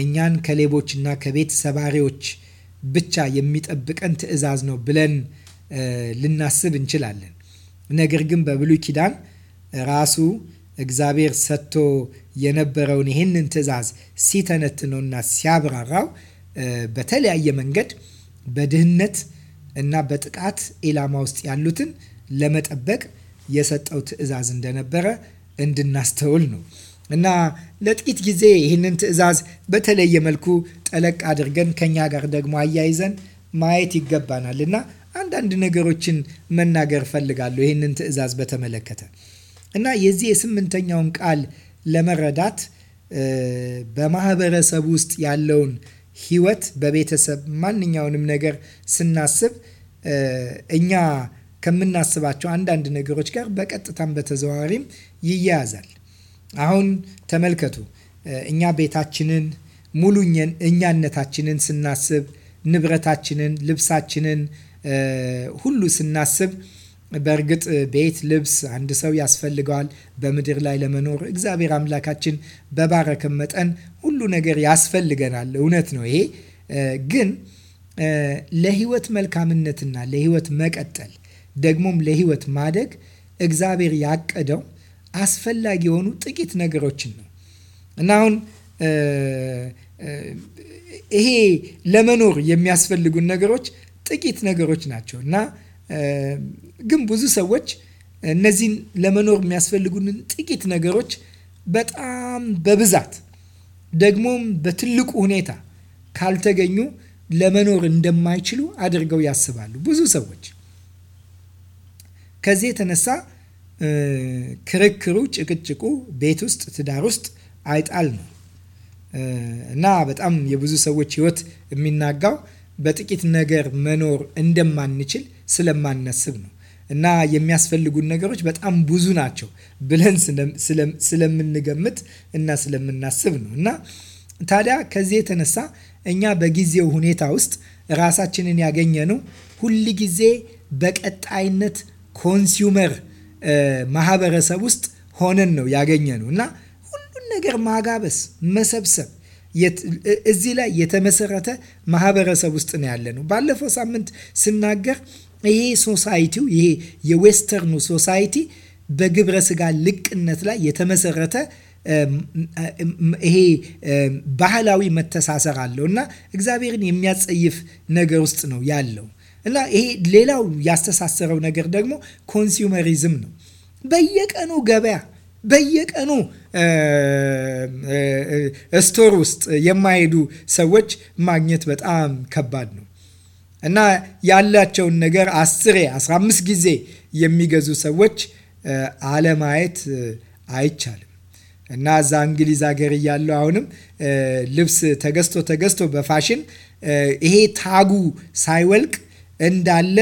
እኛን ከሌቦችና ከቤት ሰባሪዎች ብቻ የሚጠብቀን ትእዛዝ ነው ብለን ልናስብ እንችላለን። ነገር ግን በብሉይ ኪዳን ራሱ እግዚአብሔር ሰጥቶ የነበረውን ይህንን ትእዛዝ ሲተነትነውና ሲያብራራው በተለያየ መንገድ በድህነት እና በጥቃት ኢላማ ውስጥ ያሉትን ለመጠበቅ የሰጠው ትዕዛዝ እንደነበረ እንድናስተውል ነው እና ለጥቂት ጊዜ ይህንን ትዕዛዝ በተለየ መልኩ ጠለቅ አድርገን ከኛ ጋር ደግሞ አያይዘን ማየት ይገባናል እና አንዳንድ ነገሮችን መናገር እፈልጋለሁ ይህንን ትዕዛዝ በተመለከተ እና የዚህ የስምንተኛውን ቃል ለመረዳት በማህበረሰብ ውስጥ ያለውን ህይወት፣ በቤተሰብ ማንኛውንም ነገር ስናስብ እኛ ከምናስባቸው አንዳንድ ነገሮች ጋር በቀጥታም በተዘዋዋሪም ይያያዛል። አሁን ተመልከቱ እኛ ቤታችንን ሙሉ እኛነታችንን ስናስብ፣ ንብረታችንን፣ ልብሳችንን ሁሉ ስናስብ በእርግጥ ቤት፣ ልብስ አንድ ሰው ያስፈልገዋል በምድር ላይ ለመኖር። እግዚአብሔር አምላካችን በባረከ መጠን ሁሉ ነገር ያስፈልገናል። እውነት ነው ይሄ። ግን ለህይወት መልካምነትና ለህይወት መቀጠል ደግሞም ለህይወት ማደግ እግዚአብሔር ያቀደው አስፈላጊ የሆኑ ጥቂት ነገሮችን ነው እና አሁን ይሄ ለመኖር የሚያስፈልጉን ነገሮች ጥቂት ነገሮች ናቸው እና ግን ብዙ ሰዎች እነዚህን ለመኖር የሚያስፈልጉንን ጥቂት ነገሮች በጣም በብዛት ደግሞም በትልቁ ሁኔታ ካልተገኙ ለመኖር እንደማይችሉ አድርገው ያስባሉ ብዙ ሰዎች። ከዚህ የተነሳ ክርክሩ፣ ጭቅጭቁ ቤት ውስጥ፣ ትዳር ውስጥ አይጣል ነው እና በጣም የብዙ ሰዎች ሕይወት የሚናጋው በጥቂት ነገር መኖር እንደማንችል ስለማናስብ ነው እና የሚያስፈልጉን ነገሮች በጣም ብዙ ናቸው ብለን ስለምንገምት እና ስለምናስብ ነው እና ታዲያ ከዚህ የተነሳ እኛ በጊዜው ሁኔታ ውስጥ ራሳችንን ያገኘነው ሁል ጊዜ በቀጣይነት ኮንሱመር ማህበረሰብ ውስጥ ሆነን ነው ያገኘነው እና ሁሉን ነገር ማጋበስ፣ መሰብሰብ እዚህ ላይ የተመሰረተ ማህበረሰብ ውስጥ ነው ያለ ነው። ባለፈው ሳምንት ስናገር ይህ ሶሳይቲው ይሄ የዌስተርኑ ሶሳይቲ በግብረ ስጋ ልቅነት ላይ የተመሰረተ ይሄ ባህላዊ መተሳሰር አለው እና እግዚአብሔርን የሚያጸይፍ ነገር ውስጥ ነው ያለው እና ይሄ ሌላው ያስተሳሰረው ነገር ደግሞ ኮንሱመሪዝም ነው። በየቀኑ ገበያ በየቀኑ ስቶር ውስጥ የማይሄዱ ሰዎች ማግኘት በጣም ከባድ ነው። እና ያላቸውን ነገር አስሬ 15 ጊዜ የሚገዙ ሰዎች አለማየት አይቻልም። እና እዛ እንግሊዝ ሀገር እያለሁ አሁንም ልብስ ተገዝቶ ተገዝቶ በፋሽን ይሄ ታጉ ሳይወልቅ እንዳለ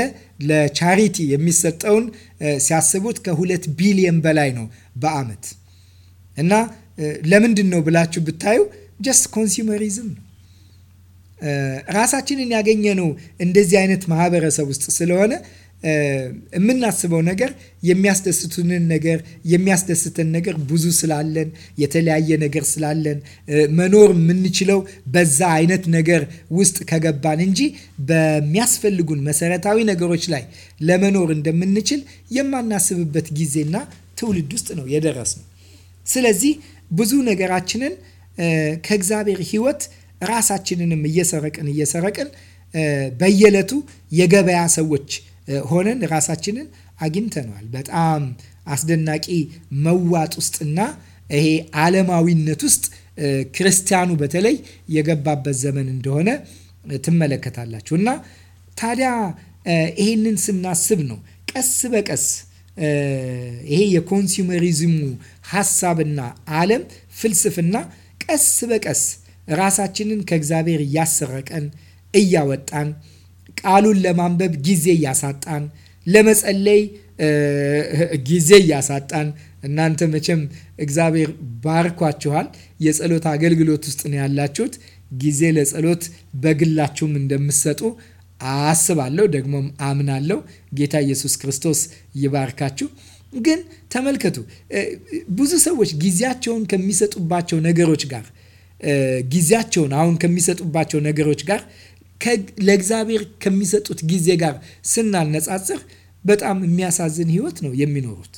ለቻሪቲ የሚሰጠውን ሲያስቡት ከሁለት ቢሊየን በላይ ነው በአመት እና ለምንድን ነው ብላችሁ ብታዩ ጀስት ኮንሱመሪዝም ነው ራሳችንን ያገኘነው እንደዚህ አይነት ማህበረሰብ ውስጥ ስለሆነ የምናስበው ነገር የሚያስደስቱንን ነገር የሚያስደስተን ነገር ብዙ ስላለን የተለያየ ነገር ስላለን መኖር የምንችለው በዛ አይነት ነገር ውስጥ ከገባን እንጂ በሚያስፈልጉን መሰረታዊ ነገሮች ላይ ለመኖር እንደምንችል የማናስብበት ጊዜና ትውልድ ውስጥ ነው የደረስነው። ስለዚህ ብዙ ነገራችንን ከእግዚአብሔር ሕይወት ራሳችንንም እየሰረቅን እየሰረቅን በየዕለቱ የገበያ ሰዎች ሆነን ራሳችንን አግኝተነዋል። በጣም አስደናቂ መዋጥ ውስጥና ይሄ ዓለማዊነት ውስጥ ክርስቲያኑ በተለይ የገባበት ዘመን እንደሆነ ትመለከታላችሁ። እና ታዲያ ይሄንን ስናስብ ነው ቀስ በቀስ ይሄ የኮንሱመሪዝሙ ሀሳብና ዓለም ፍልስፍና ቀስ በቀስ ራሳችንን ከእግዚአብሔር እያሰረቀን እያወጣን ቃሉን ለማንበብ ጊዜ እያሳጣን ለመጸለይ ጊዜ እያሳጣን እናንተ መቼም እግዚአብሔር ባርኳችኋል። የጸሎት አገልግሎት ውስጥ ነው ያላችሁት። ጊዜ ለጸሎት በግላችሁም እንደምትሰጡ አስባለሁ፣ ደግሞም አምናለሁ። ጌታ ኢየሱስ ክርስቶስ ይባርካችሁ። ግን ተመልከቱ ብዙ ሰዎች ጊዜያቸውን ከሚሰጡባቸው ነገሮች ጋር ጊዜያቸውን አሁን ከሚሰጡባቸው ነገሮች ጋር ለእግዚአብሔር ከሚሰጡት ጊዜ ጋር ስናነጻጽር በጣም የሚያሳዝን ህይወት ነው የሚኖሩት።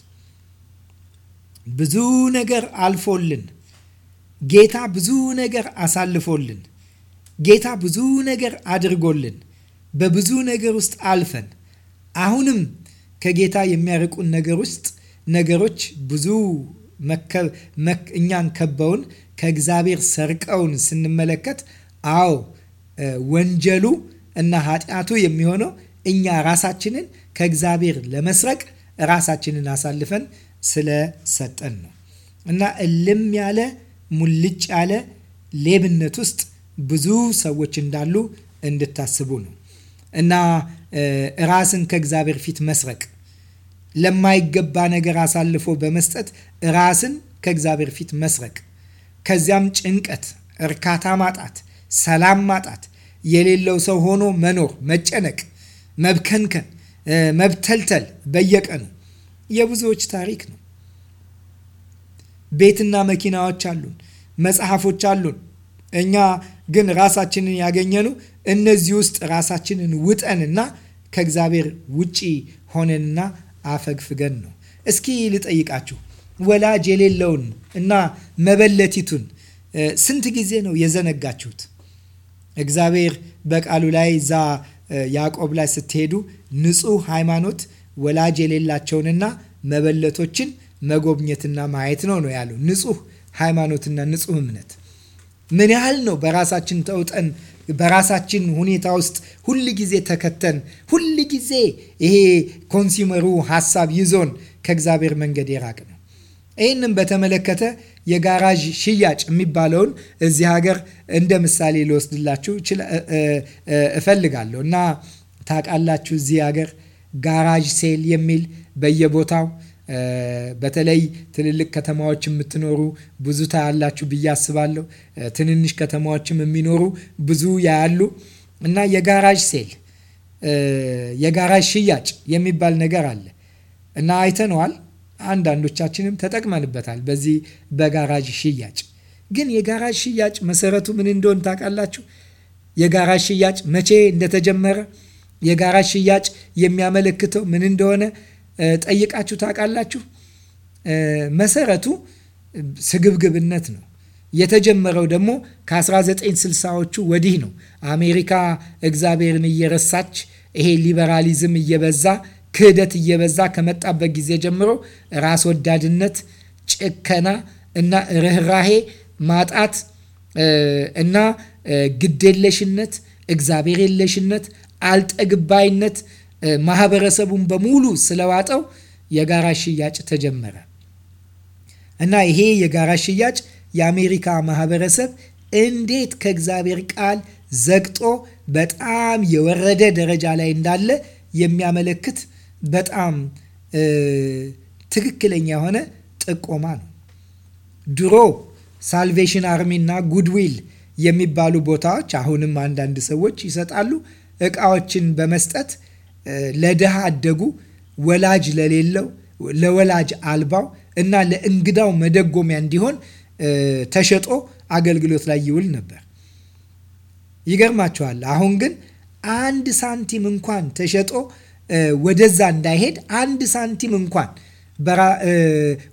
ብዙ ነገር አልፎልን፣ ጌታ ብዙ ነገር አሳልፎልን፣ ጌታ ብዙ ነገር አድርጎልን፣ በብዙ ነገር ውስጥ አልፈን አሁንም ከጌታ የሚያርቁን ነገር ውስጥ ነገሮች ብዙ እኛን ከበውን ከእግዚአብሔር ሰርቀውን ስንመለከት፣ አዎ ወንጀሉ እና ኃጢአቱ የሚሆነው እኛ ራሳችንን ከእግዚአብሔር ለመስረቅ ራሳችንን አሳልፈን ስለሰጠን ነው እና እልም ያለ ሙልጭ ያለ ሌብነት ውስጥ ብዙ ሰዎች እንዳሉ እንድታስቡ ነው እና ራስን ከእግዚአብሔር ፊት መስረቅ ለማይገባ ነገር አሳልፎ በመስጠት ራስን ከእግዚአብሔር ፊት መስረቅ ከዚያም ጭንቀት፣ እርካታ ማጣት፣ ሰላም ማጣት፣ የሌለው ሰው ሆኖ መኖር፣ መጨነቅ፣ መብከንከን፣ መብተልተል በየቀኑ የብዙዎች ታሪክ ነው። ቤትና መኪናዎች አሉን፣ መጽሐፎች አሉን። እኛ ግን ራሳችንን ያገኘኑ እነዚህ ውስጥ ራሳችንን ውጠንና ከእግዚአብሔር ውጪ ሆነንና አፈግፍገን ነው። እስኪ ልጠይቃችሁ ወላጅ የሌለውን እና መበለቲቱን ስንት ጊዜ ነው የዘነጋችሁት? እግዚአብሔር በቃሉ ላይ እዛ ያዕቆብ ላይ ስትሄዱ ንጹህ ሃይማኖት ወላጅ የሌላቸውንና መበለቶችን መጎብኘትና ማየት ነው ነው ያለው። ንጹህ ሃይማኖትና ንጹህ እምነት ምን ያህል ነው በራሳችን ተውጠን በራሳችን ሁኔታ ውስጥ ሁል ጊዜ ተከተን ሁል ጊዜ ይሄ ኮንሱመሩ ሀሳብ ይዞን ከእግዚአብሔር መንገድ የራቅ ነው። ይህንም በተመለከተ የጋራዥ ሽያጭ የሚባለውን እዚህ ሀገር እንደ ምሳሌ ልወስድላችሁ እፈልጋለሁ እና ታውቃላችሁ፣ እዚህ ሀገር ጋራዥ ሴል የሚል በየቦታው በተለይ ትልልቅ ከተማዎች የምትኖሩ ብዙ ታያላችሁ ብዬ አስባለሁ። ትንንሽ ከተማዎችም የሚኖሩ ብዙ ያያሉ እና የጋራዥ ሴል የጋራዥ ሽያጭ የሚባል ነገር አለ እና አይተነዋል። አንዳንዶቻችንም ተጠቅመንበታል በዚህ በጋራጅ ሽያጭ። ግን የጋራጅ ሽያጭ መሰረቱ ምን እንደሆን ታውቃላችሁ? የጋራጅ ሽያጭ መቼ እንደተጀመረ፣ የጋራጅ ሽያጭ የሚያመለክተው ምን እንደሆነ ጠይቃችሁ ታውቃላችሁ? መሰረቱ ስግብግብነት ነው። የተጀመረው ደግሞ ከ1960ዎቹ ወዲህ ነው። አሜሪካ እግዚአብሔርን እየረሳች ይሄ ሊበራሊዝም እየበዛ ክህደት እየበዛ ከመጣበት ጊዜ ጀምሮ ራስ ወዳድነት፣ ጭከና እና ርኅራሄ ማጣት እና ግዴለሽነት፣ እግዚአብሔር የለሽነት፣ አልጠግባይነት ማህበረሰቡን በሙሉ ስለዋጠው የጋራ ሽያጭ ተጀመረ እና ይሄ የጋራ ሽያጭ የአሜሪካ ማህበረሰብ እንዴት ከእግዚአብሔር ቃል ዘግጦ በጣም የወረደ ደረጃ ላይ እንዳለ የሚያመለክት በጣም ትክክለኛ የሆነ ጥቆማ ነው። ድሮ ሳልቬሽን አርሚ እና ጉድዊል የሚባሉ ቦታዎች አሁንም አንዳንድ ሰዎች ይሰጣሉ። እቃዎችን በመስጠት ለድሃ አደጉ፣ ወላጅ ለሌለው፣ ለወላጅ አልባው እና ለእንግዳው መደጎሚያ እንዲሆን ተሸጦ አገልግሎት ላይ ይውል ነበር። ይገርማችኋል። አሁን ግን አንድ ሳንቲም እንኳን ተሸጦ ወደዛ እንዳይሄድ አንድ ሳንቲም እንኳን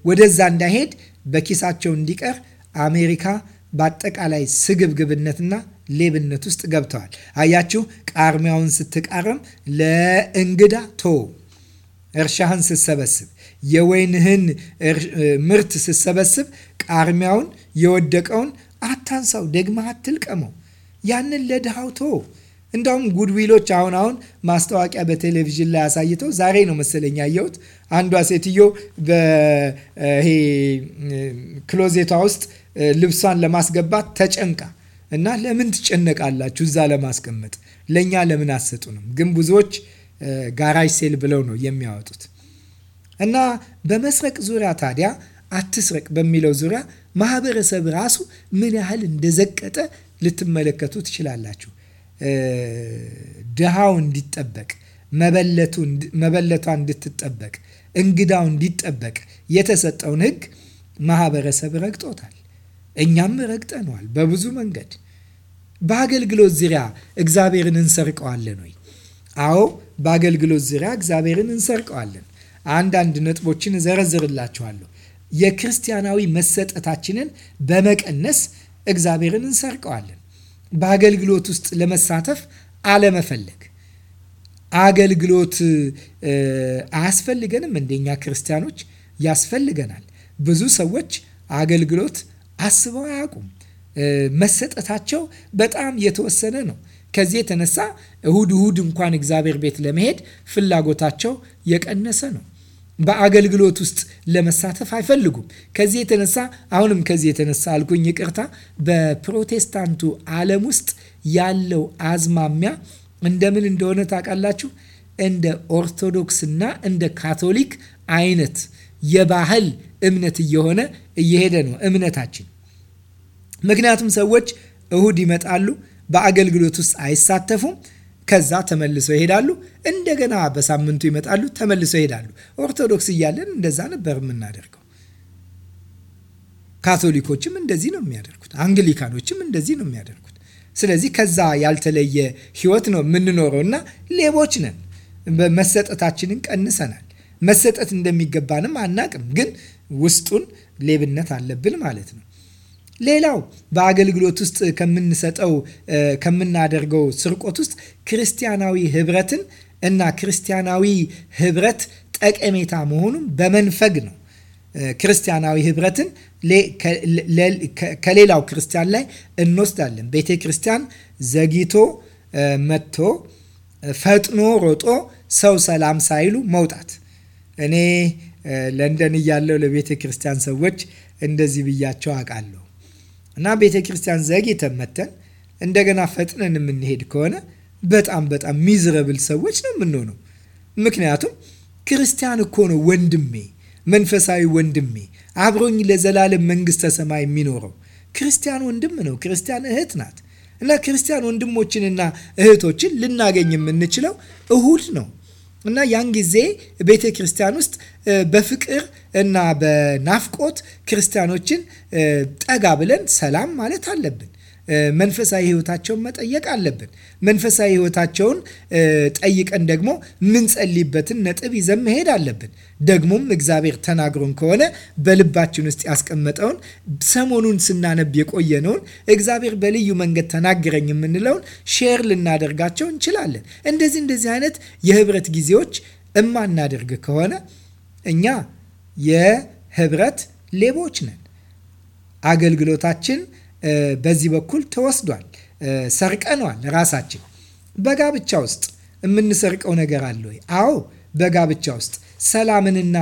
ወደዛ እንዳይሄድ በኪሳቸው እንዲቀር አሜሪካ በአጠቃላይ ስግብግብነትና ሌብነት ውስጥ ገብተዋል። አያችሁ፣ ቃርሚያውን ስትቃርም ለእንግዳ ቶ እርሻህን ስትሰበስብ የወይንህን ምርት ስትሰበስብ ቃርሚያውን የወደቀውን አታንሳው፣ ደግመህ አትልቀመው። ያንን ለድሃው ቶ እንዳውም ጉድዊሎች አሁን አሁን ማስታወቂያ በቴሌቪዥን ላይ አሳይተው ዛሬ ነው መሰለኛ ያየሁት። አንዷ ሴትዮ በይሄ ክሎዜቷ ውስጥ ልብሷን ለማስገባት ተጨንቃ እና ለምን ትጨነቃላችሁ እዛ ለማስቀመጥ ለእኛ ለምን አትሰጡንም? ግን ብዙዎች ጋራጅ ሴል ብለው ነው የሚያወጡት። እና በመስረቅ ዙሪያ ታዲያ አትስረቅ በሚለው ዙሪያ ማህበረሰብ ራሱ ምን ያህል እንደዘቀጠ ልትመለከቱ ትችላላችሁ። ድሃው እንዲጠበቅ፣ መበለቷ እንድትጠበቅ፣ እንግዳው እንዲጠበቅ የተሰጠውን ህግ ማህበረሰብ ረግጦታል። እኛም ረግጠነዋል በብዙ መንገድ። በአገልግሎት ዙሪያ እግዚአብሔርን እንሰርቀዋለን ወይ? አዎ፣ በአገልግሎት ዙሪያ እግዚአብሔርን እንሰርቀዋለን። አንዳንድ ነጥቦችን እዘረዝርላችኋለሁ። የክርስቲያናዊ መሰጠታችንን በመቀነስ እግዚአብሔርን እንሰርቀዋለን። በአገልግሎት ውስጥ ለመሳተፍ አለመፈለግ አገልግሎት አያስፈልገንም። እንደኛ ክርስቲያኖች ያስፈልገናል። ብዙ ሰዎች አገልግሎት አስበው አያውቁም። መሰጠታቸው በጣም የተወሰነ ነው። ከዚህ የተነሳ እሁድ እሁድ እንኳን እግዚአብሔር ቤት ለመሄድ ፍላጎታቸው የቀነሰ ነው። በአገልግሎት ውስጥ ለመሳተፍ አይፈልጉም። ከዚህ የተነሳ አሁንም ከዚህ የተነሳ አልኩኝ ይቅርታ፣ በፕሮቴስታንቱ ዓለም ውስጥ ያለው አዝማሚያ እንደምን እንደሆነ ታውቃላችሁ? እንደ ኦርቶዶክስና እንደ ካቶሊክ አይነት የባህል እምነት እየሆነ እየሄደ ነው እምነታችን። ምክንያቱም ሰዎች እሁድ ይመጣሉ፣ በአገልግሎት ውስጥ አይሳተፉም። ከዛ ተመልሰው ይሄዳሉ። እንደገና በሳምንቱ ይመጣሉ፣ ተመልሰው ይሄዳሉ። ኦርቶዶክስ እያለን እንደዛ ነበር የምናደርገው። ካቶሊኮችም እንደዚህ ነው የሚያደርጉት። አንግሊካኖችም እንደዚህ ነው የሚያደርጉት። ስለዚህ ከዛ ያልተለየ ህይወት ነው የምንኖረው እና ሌቦች ነን። መሰጠታችንን ቀንሰናል። መሰጠት እንደሚገባንም አናቅም፣ ግን ውስጡን ሌብነት አለብን ማለት ነው። ሌላው በአገልግሎት ውስጥ ከምንሰጠው ከምናደርገው ስርቆት ውስጥ ክርስቲያናዊ ህብረትን እና ክርስቲያናዊ ህብረት ጠቀሜታ መሆኑን በመንፈግ ነው። ክርስቲያናዊ ህብረትን ከሌላው ክርስቲያን ላይ እንወስዳለን። ቤተ ክርስቲያን ዘግይቶ መጥቶ ፈጥኖ ሮጦ ሰው ሰላም ሳይሉ መውጣት። እኔ ለንደን እያለው ለቤተ ክርስቲያን ሰዎች እንደዚህ ብያቸው አውቃለሁ። እና ቤተ ክርስቲያን ዘግይተን መተን እንደገና ፈጥነን የምንሄድ ከሆነ በጣም በጣም ሚዝረብል ሰዎች ነው የምንሆነው። ምክንያቱም ክርስቲያን እኮ ነው ወንድሜ፣ መንፈሳዊ ወንድሜ አብሮኝ ለዘላለም መንግስተ ሰማይ የሚኖረው ክርስቲያን ወንድም ነው፣ ክርስቲያን እህት ናት። እና ክርስቲያን ወንድሞችንና እህቶችን ልናገኝ የምንችለው እሁድ ነው እና ያን ጊዜ ቤተ ክርስቲያን ውስጥ በፍቅር እና በናፍቆት ክርስቲያኖችን ጠጋ ብለን ሰላም ማለት አለብን። መንፈሳዊ ህይወታቸውን መጠየቅ አለብን። መንፈሳዊ ህይወታቸውን ጠይቀን ደግሞ ምንጸልይበትን ነጥብ ይዘን መሄድ አለብን። ደግሞም እግዚአብሔር ተናግሮን ከሆነ በልባችን ውስጥ ያስቀመጠውን ሰሞኑን ስናነብ የቆየነውን እግዚአብሔር በልዩ መንገድ ተናግረኝ የምንለውን ሼር ልናደርጋቸው እንችላለን። እንደዚህ እንደዚህ አይነት የህብረት ጊዜዎች እማናደርግ ከሆነ እኛ የህብረት ሌቦች ነን። አገልግሎታችን በዚህ በኩል ተወስዷል። ሰርቀነዋል። ራሳችን በጋብቻ ውስጥ የምንሰርቀው ነገር አለ ወይ? አዎ፣ በጋብቻ ውስጥ ሰላምንና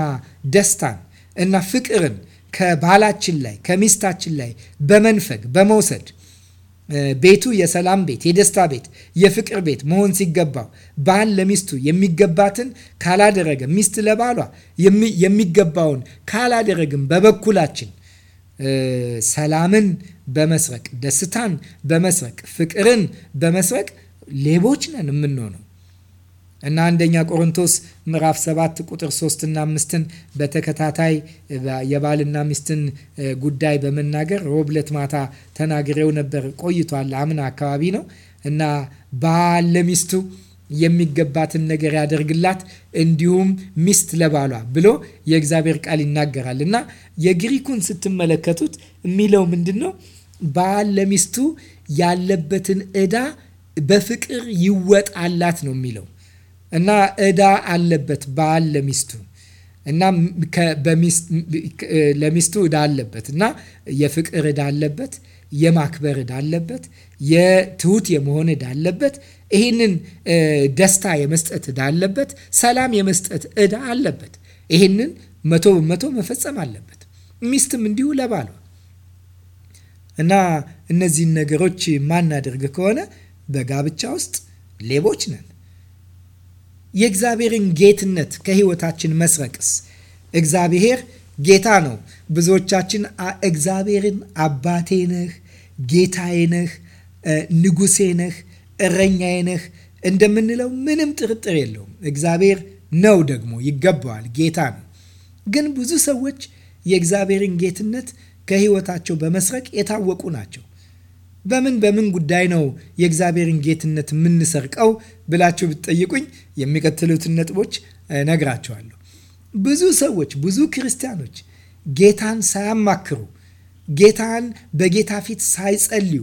ደስታን እና ፍቅርን ከባላችን ላይ ከሚስታችን ላይ በመንፈግ በመውሰድ ቤቱ የሰላም ቤት፣ የደስታ ቤት፣ የፍቅር ቤት መሆን ሲገባው ባል ለሚስቱ የሚገባትን ካላደረገ፣ ሚስት ለባሏ የሚገባውን ካላደረግም በበኩላችን ሰላምን በመስረቅ ደስታን በመስረቅ ፍቅርን በመስረቅ ሌቦች ነን የምንሆነው እና አንደኛ ቆሮንቶስ ምዕራፍ 7 ቁጥር 3 እና 5ን በተከታታይ የባልና ሚስትን ጉዳይ በመናገር ሮብለት ማታ ተናግሬው ነበር። ቆይቷል። አምን አካባቢ ነው እና ባል ለሚስቱ የሚገባትን ነገር ያደርግላት፣ እንዲሁም ሚስት ለባሏ ብሎ የእግዚአብሔር ቃል ይናገራል እና የግሪኩን ስትመለከቱት የሚለው ምንድን ነው? ባል ለሚስቱ ያለበትን እዳ በፍቅር ይወጣላት ነው የሚለው እና እዳ አለበት ባል ለሚስቱ እና ለሚስቱ ዕዳ አለበት እና የፍቅር ዕዳ አለበት፣ የማክበር ዕዳ አለበት፣ የትሁት የመሆን ዕዳ አለበት። ይህንን ደስታ የመስጠት ዕዳ አለበት፣ ሰላም የመስጠት ዕዳ አለበት። ይህንን መቶ በመቶ መፈጸም አለበት። ሚስትም እንዲሁ ለባሏ እና እነዚህን ነገሮች ማናደርግ ከሆነ በጋብቻ ውስጥ ሌቦች ነን። የእግዚአብሔርን ጌትነት ከህይወታችን መስረቅስ? እግዚአብሔር ጌታ ነው። ብዙዎቻችን እግዚአብሔርን አባቴ ነህ፣ ጌታዬ ነህ፣ ንጉሴ ነህ፣ እረኛዬ ነህ እንደምንለው ምንም ጥርጥር የለውም። እግዚአብሔር ነው ደግሞ ይገባዋል፣ ጌታ ነው። ግን ብዙ ሰዎች የእግዚአብሔርን ጌትነት ከህይወታቸው በመስረቅ የታወቁ ናቸው። በምን በምን ጉዳይ ነው የእግዚአብሔርን ጌትነት የምንሰርቀው ብላችሁ ብትጠይቁኝ የሚቀትሉትን ነጥቦች ነግራችኋለሁ። ብዙ ሰዎች ብዙ ክርስቲያኖች ጌታን ሳያማክሩ ጌታን በጌታ ፊት ሳይጸልዩ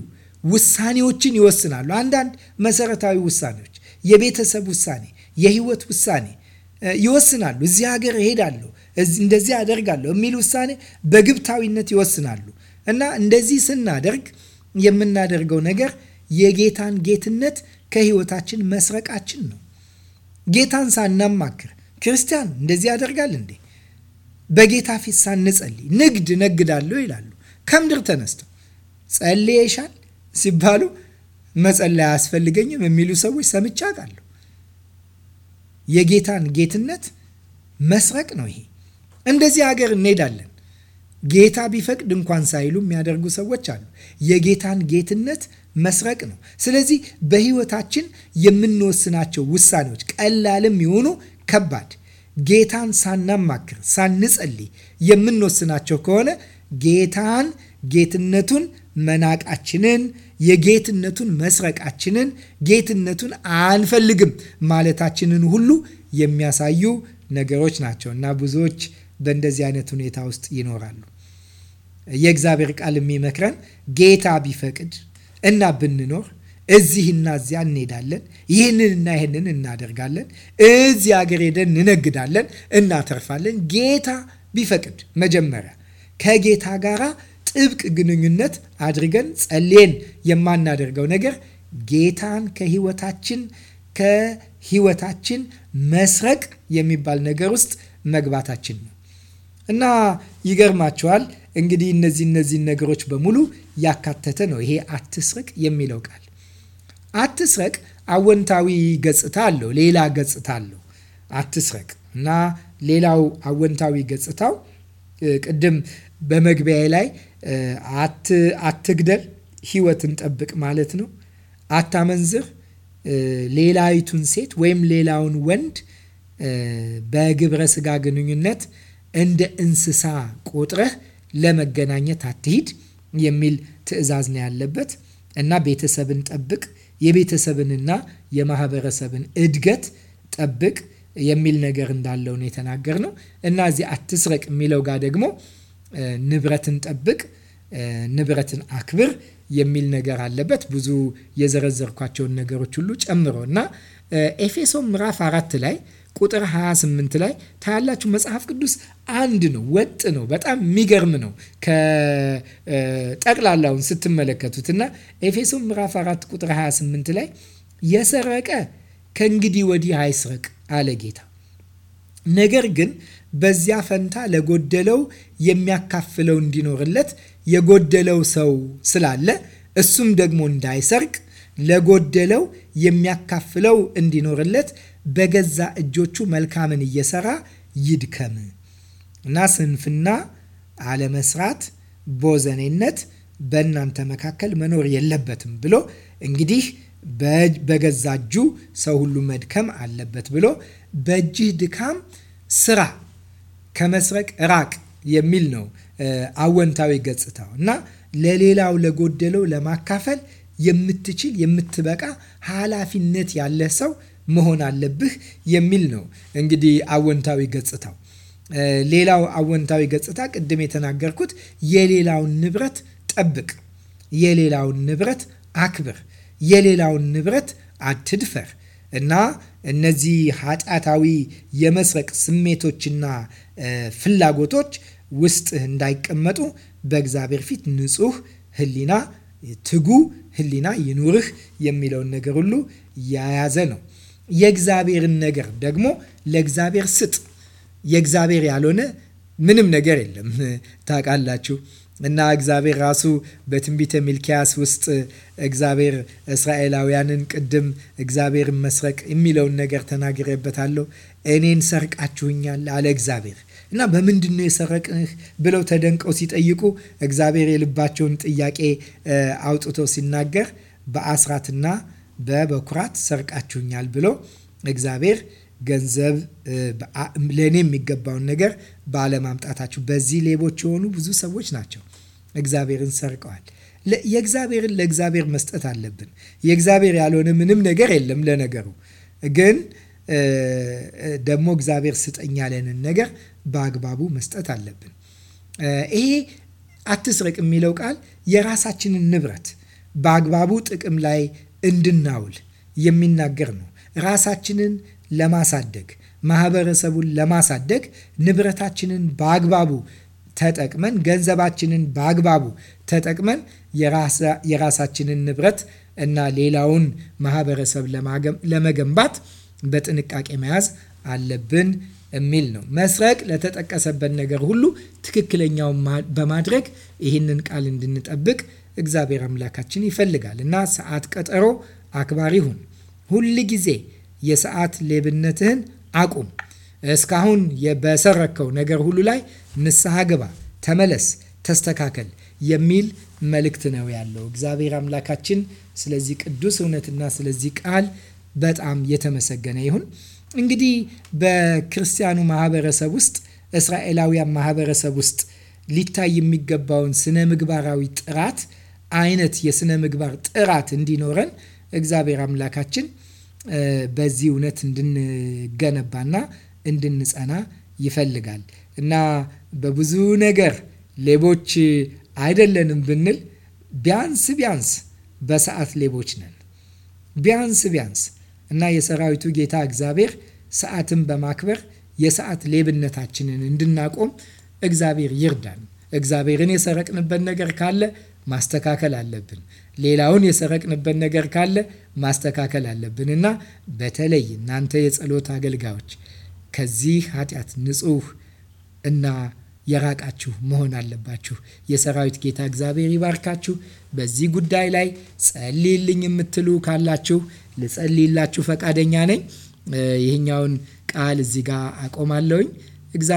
ውሳኔዎችን ይወስናሉ። አንዳንድ መሰረታዊ ውሳኔዎች፣ የቤተሰብ ውሳኔ፣ የህይወት ውሳኔ ይወስናሉ። እዚህ ሀገር እሄዳለሁ፣ እንደዚህ አደርጋለሁ የሚል ውሳኔ በግብታዊነት ይወስናሉ እና እንደዚህ ስናደርግ የምናደርገው ነገር የጌታን ጌትነት ከህይወታችን መስረቃችን ነው። ጌታን ሳናማክር ክርስቲያን እንደዚህ ያደርጋል እንዴ? በጌታ ፊት ሳንጸልይ ንግድ ነግዳለሁ ይላሉ። ከምድር ተነስተው ጸልየሻል ሲባሉ መጸለይ አያስፈልገኝም የሚሉ ሰዎች ሰምቼ አውቃለሁ። የጌታን ጌትነት መስረቅ ነው ይሄ። እንደዚህ ሀገር እንሄዳለን ጌታ ቢፈቅድ እንኳን ሳይሉ የሚያደርጉ ሰዎች አሉ። የጌታን ጌትነት መስረቅ ነው። ስለዚህ በህይወታችን የምንወስናቸው ውሳኔዎች ቀላልም የሆኑ ከባድ ጌታን ሳናማክር ሳንጸልይ የምንወስናቸው ከሆነ ጌታን ጌትነቱን መናቃችንን የጌትነቱን መስረቃችንን ጌትነቱን አንፈልግም ማለታችንን ሁሉ የሚያሳዩ ነገሮች ናቸው እና ብዙዎች በእንደዚህ አይነት ሁኔታ ውስጥ ይኖራሉ። የእግዚአብሔር ቃል የሚመክረን ጌታ ቢፈቅድ እና ብንኖር እና እዚያ እንሄዳለን። ይህንንና ይህንን እናደርጋለን። እዚህ ሀገር ሄደን እንነግዳለን፣ እናተርፋለን። ጌታ ቢፈቅድ መጀመሪያ ከጌታ ጋራ ጥብቅ ግንኙነት አድርገን ጸልየን የማናደርገው ነገር ጌታን ከህይወታችን ከህይወታችን መስረቅ የሚባል ነገር ውስጥ መግባታችን ነው እና ይገርማቸዋል እንግዲህ እነዚህ እነዚህ ነገሮች በሙሉ ያካተተ ነው ይሄ አትስረቅ የሚለው ቃል። አትስረቅ አወንታዊ ገጽታ አለው፣ ሌላ ገጽታ አለው አትስረቅ እና ሌላው አወንታዊ ገጽታው ቅድም በመግቢያ ላይ አትግደል ህይወትን ጠብቅ ማለት ነው። አታመንዝር ሌላይቱን ሴት ወይም ሌላውን ወንድ በግብረ ስጋ ግንኙነት እንደ እንስሳ ቆጥረህ ለመገናኘት አትሂድ የሚል ትዕዛዝ ነው ያለበት እና ቤተሰብን ጠብቅ፣ የቤተሰብንና የማህበረሰብን እድገት ጠብቅ የሚል ነገር እንዳለው ነው የተናገር ነው እና እዚህ አትስረቅ የሚለው ጋር ደግሞ ንብረትን ጠብቅ፣ ንብረትን አክብር የሚል ነገር አለበት። ብዙ የዘረዘርኳቸውን ነገሮች ሁሉ ጨምሮ እና ኤፌሶን ምዕራፍ አራት ላይ ቁጥር 28 ላይ ታያላችሁ። መጽሐፍ ቅዱስ አንድ ነው፣ ወጥ ነው፣ በጣም የሚገርም ነው ከጠቅላላውን ስትመለከቱት እና ኤፌሶን ምዕራፍ 4 ቁጥር 28 ላይ የሰረቀ ከእንግዲህ ወዲህ አይስረቅ አለ ጌታ ነገር ግን በዚያ ፈንታ ለጎደለው የሚያካፍለው እንዲኖርለት የጎደለው ሰው ስላለ እሱም ደግሞ እንዳይሰርቅ ለጎደለው የሚያካፍለው እንዲኖርለት በገዛ እጆቹ መልካምን እየሰራ ይድከም እና ስንፍና፣ አለመስራት፣ ቦዘኔነት በእናንተ መካከል መኖር የለበትም ብሎ እንግዲህ በገዛ እጁ ሰው ሁሉ መድከም አለበት ብሎ በእጅህ ድካም ስራ ከመስረቅ ራቅ የሚል ነው አወንታዊ ገጽታው እና ለሌላው ለጎደለው ለማካፈል የምትችል የምትበቃ ኃላፊነት ያለ ሰው መሆን አለብህ የሚል ነው እንግዲህ አወንታዊ ገጽታው። ሌላው አወንታዊ ገጽታ ቅድም የተናገርኩት የሌላውን ንብረት ጠብቅ፣ የሌላውን ንብረት አክብር፣ የሌላውን ንብረት አትድፈር እና እነዚህ ኃጢአታዊ የመስረቅ ስሜቶችና ፍላጎቶች ውስጥ እንዳይቀመጡ በእግዚአብሔር ፊት ንጹህ ህሊና ትጉ ህሊና ይኑርህ የሚለውን ነገር ሁሉ የያዘ ነው። የእግዚአብሔርን ነገር ደግሞ ለእግዚአብሔር ስጥ። የእግዚአብሔር ያልሆነ ምንም ነገር የለም ታውቃላችሁ። እና እግዚአብሔር ራሱ በትንቢተ ሚልኪያስ ውስጥ እግዚአብሔር እስራኤላውያንን ቅድም እግዚአብሔርን መስረቅ የሚለውን ነገር ተናግሬበታለሁ። እኔን ሰርቃችሁኛል አለ እግዚአብሔር። እና በምንድን ነው የሰረቅንህ ብለው ተደንቀው ሲጠይቁ እግዚአብሔር የልባቸውን ጥያቄ አውጥቶ ሲናገር በአስራትና በበኩራት ሰርቃችሁኛል ብሎ እግዚአብሔር ገንዘብ ለእኔ የሚገባውን ነገር ባለማምጣታችሁ። በዚህ ሌቦች የሆኑ ብዙ ሰዎች ናቸው። እግዚአብሔርን ሰርቀዋል። የእግዚአብሔርን ለእግዚአብሔር መስጠት አለብን። የእግዚአብሔር ያልሆነ ምንም ነገር የለም። ለነገሩ ግን ደግሞ እግዚአብሔር ስጠኝ ያለንን ነገር በአግባቡ መስጠት አለብን። ይሄ አትስረቅ የሚለው ቃል የራሳችንን ንብረት በአግባቡ ጥቅም ላይ እንድናውል የሚናገር ነው። ራሳችንን ለማሳደግ ማህበረሰቡን ለማሳደግ ንብረታችንን በአግባቡ ተጠቅመን ገንዘባችንን በአግባቡ ተጠቅመን የራሳችንን ንብረት እና ሌላውን ማህበረሰብ ለመገንባት በጥንቃቄ መያዝ አለብን የሚል ነው። መስረቅ ለተጠቀሰበት ነገር ሁሉ ትክክለኛውን በማድረግ ይህንን ቃል እንድንጠብቅ እግዚአብሔር አምላካችን ይፈልጋል እና ሰዓት ቀጠሮ አክባሪ ሁን። ሁል ጊዜ የሰዓት ሌብነትህን አቁም። እስካሁን በሰረከው ነገር ሁሉ ላይ ንስሐ ግባ፣ ተመለስ፣ ተስተካከል የሚል መልእክት ነው ያለው እግዚአብሔር አምላካችን። ስለዚህ ቅዱስ እውነትና ስለዚህ ቃል በጣም የተመሰገነ ይሁን። እንግዲህ በክርስቲያኑ ማህበረሰብ ውስጥ እስራኤላውያን ማህበረሰብ ውስጥ ሊታይ የሚገባውን ስነ ምግባራዊ ጥራት አይነት የሥነ ምግባር ጥራት እንዲኖረን እግዚአብሔር አምላካችን በዚህ እውነት እንድንገነባና እንድንጸና ይፈልጋል እና በብዙ ነገር ሌቦች አይደለንም ብንል ቢያንስ ቢያንስ በሰዓት ሌቦች ነን። ቢያንስ ቢያንስ እና የሰራዊቱ ጌታ እግዚአብሔር ሰዓትን በማክበር የሰዓት ሌብነታችንን እንድናቆም እግዚአብሔር ይርዳን። እግዚአብሔርን የሰረቅንበት ነገር ካለ ማስተካከል አለብን። ሌላውን የሰረቅንበት ነገር ካለ ማስተካከል አለብን እና በተለይ እናንተ የጸሎት አገልጋዮች ከዚህ ኃጢአት ንጹህ እና የራቃችሁ መሆን አለባችሁ። የሰራዊት ጌታ እግዚአብሔር ይባርካችሁ። በዚህ ጉዳይ ላይ ጸልይልኝ የምትሉ ካላችሁ ልጸልይላችሁ ፈቃደኛ ነኝ። ይህኛውን ቃል እዚህ ጋር አቆማለሁኝ። እግዚአብሔር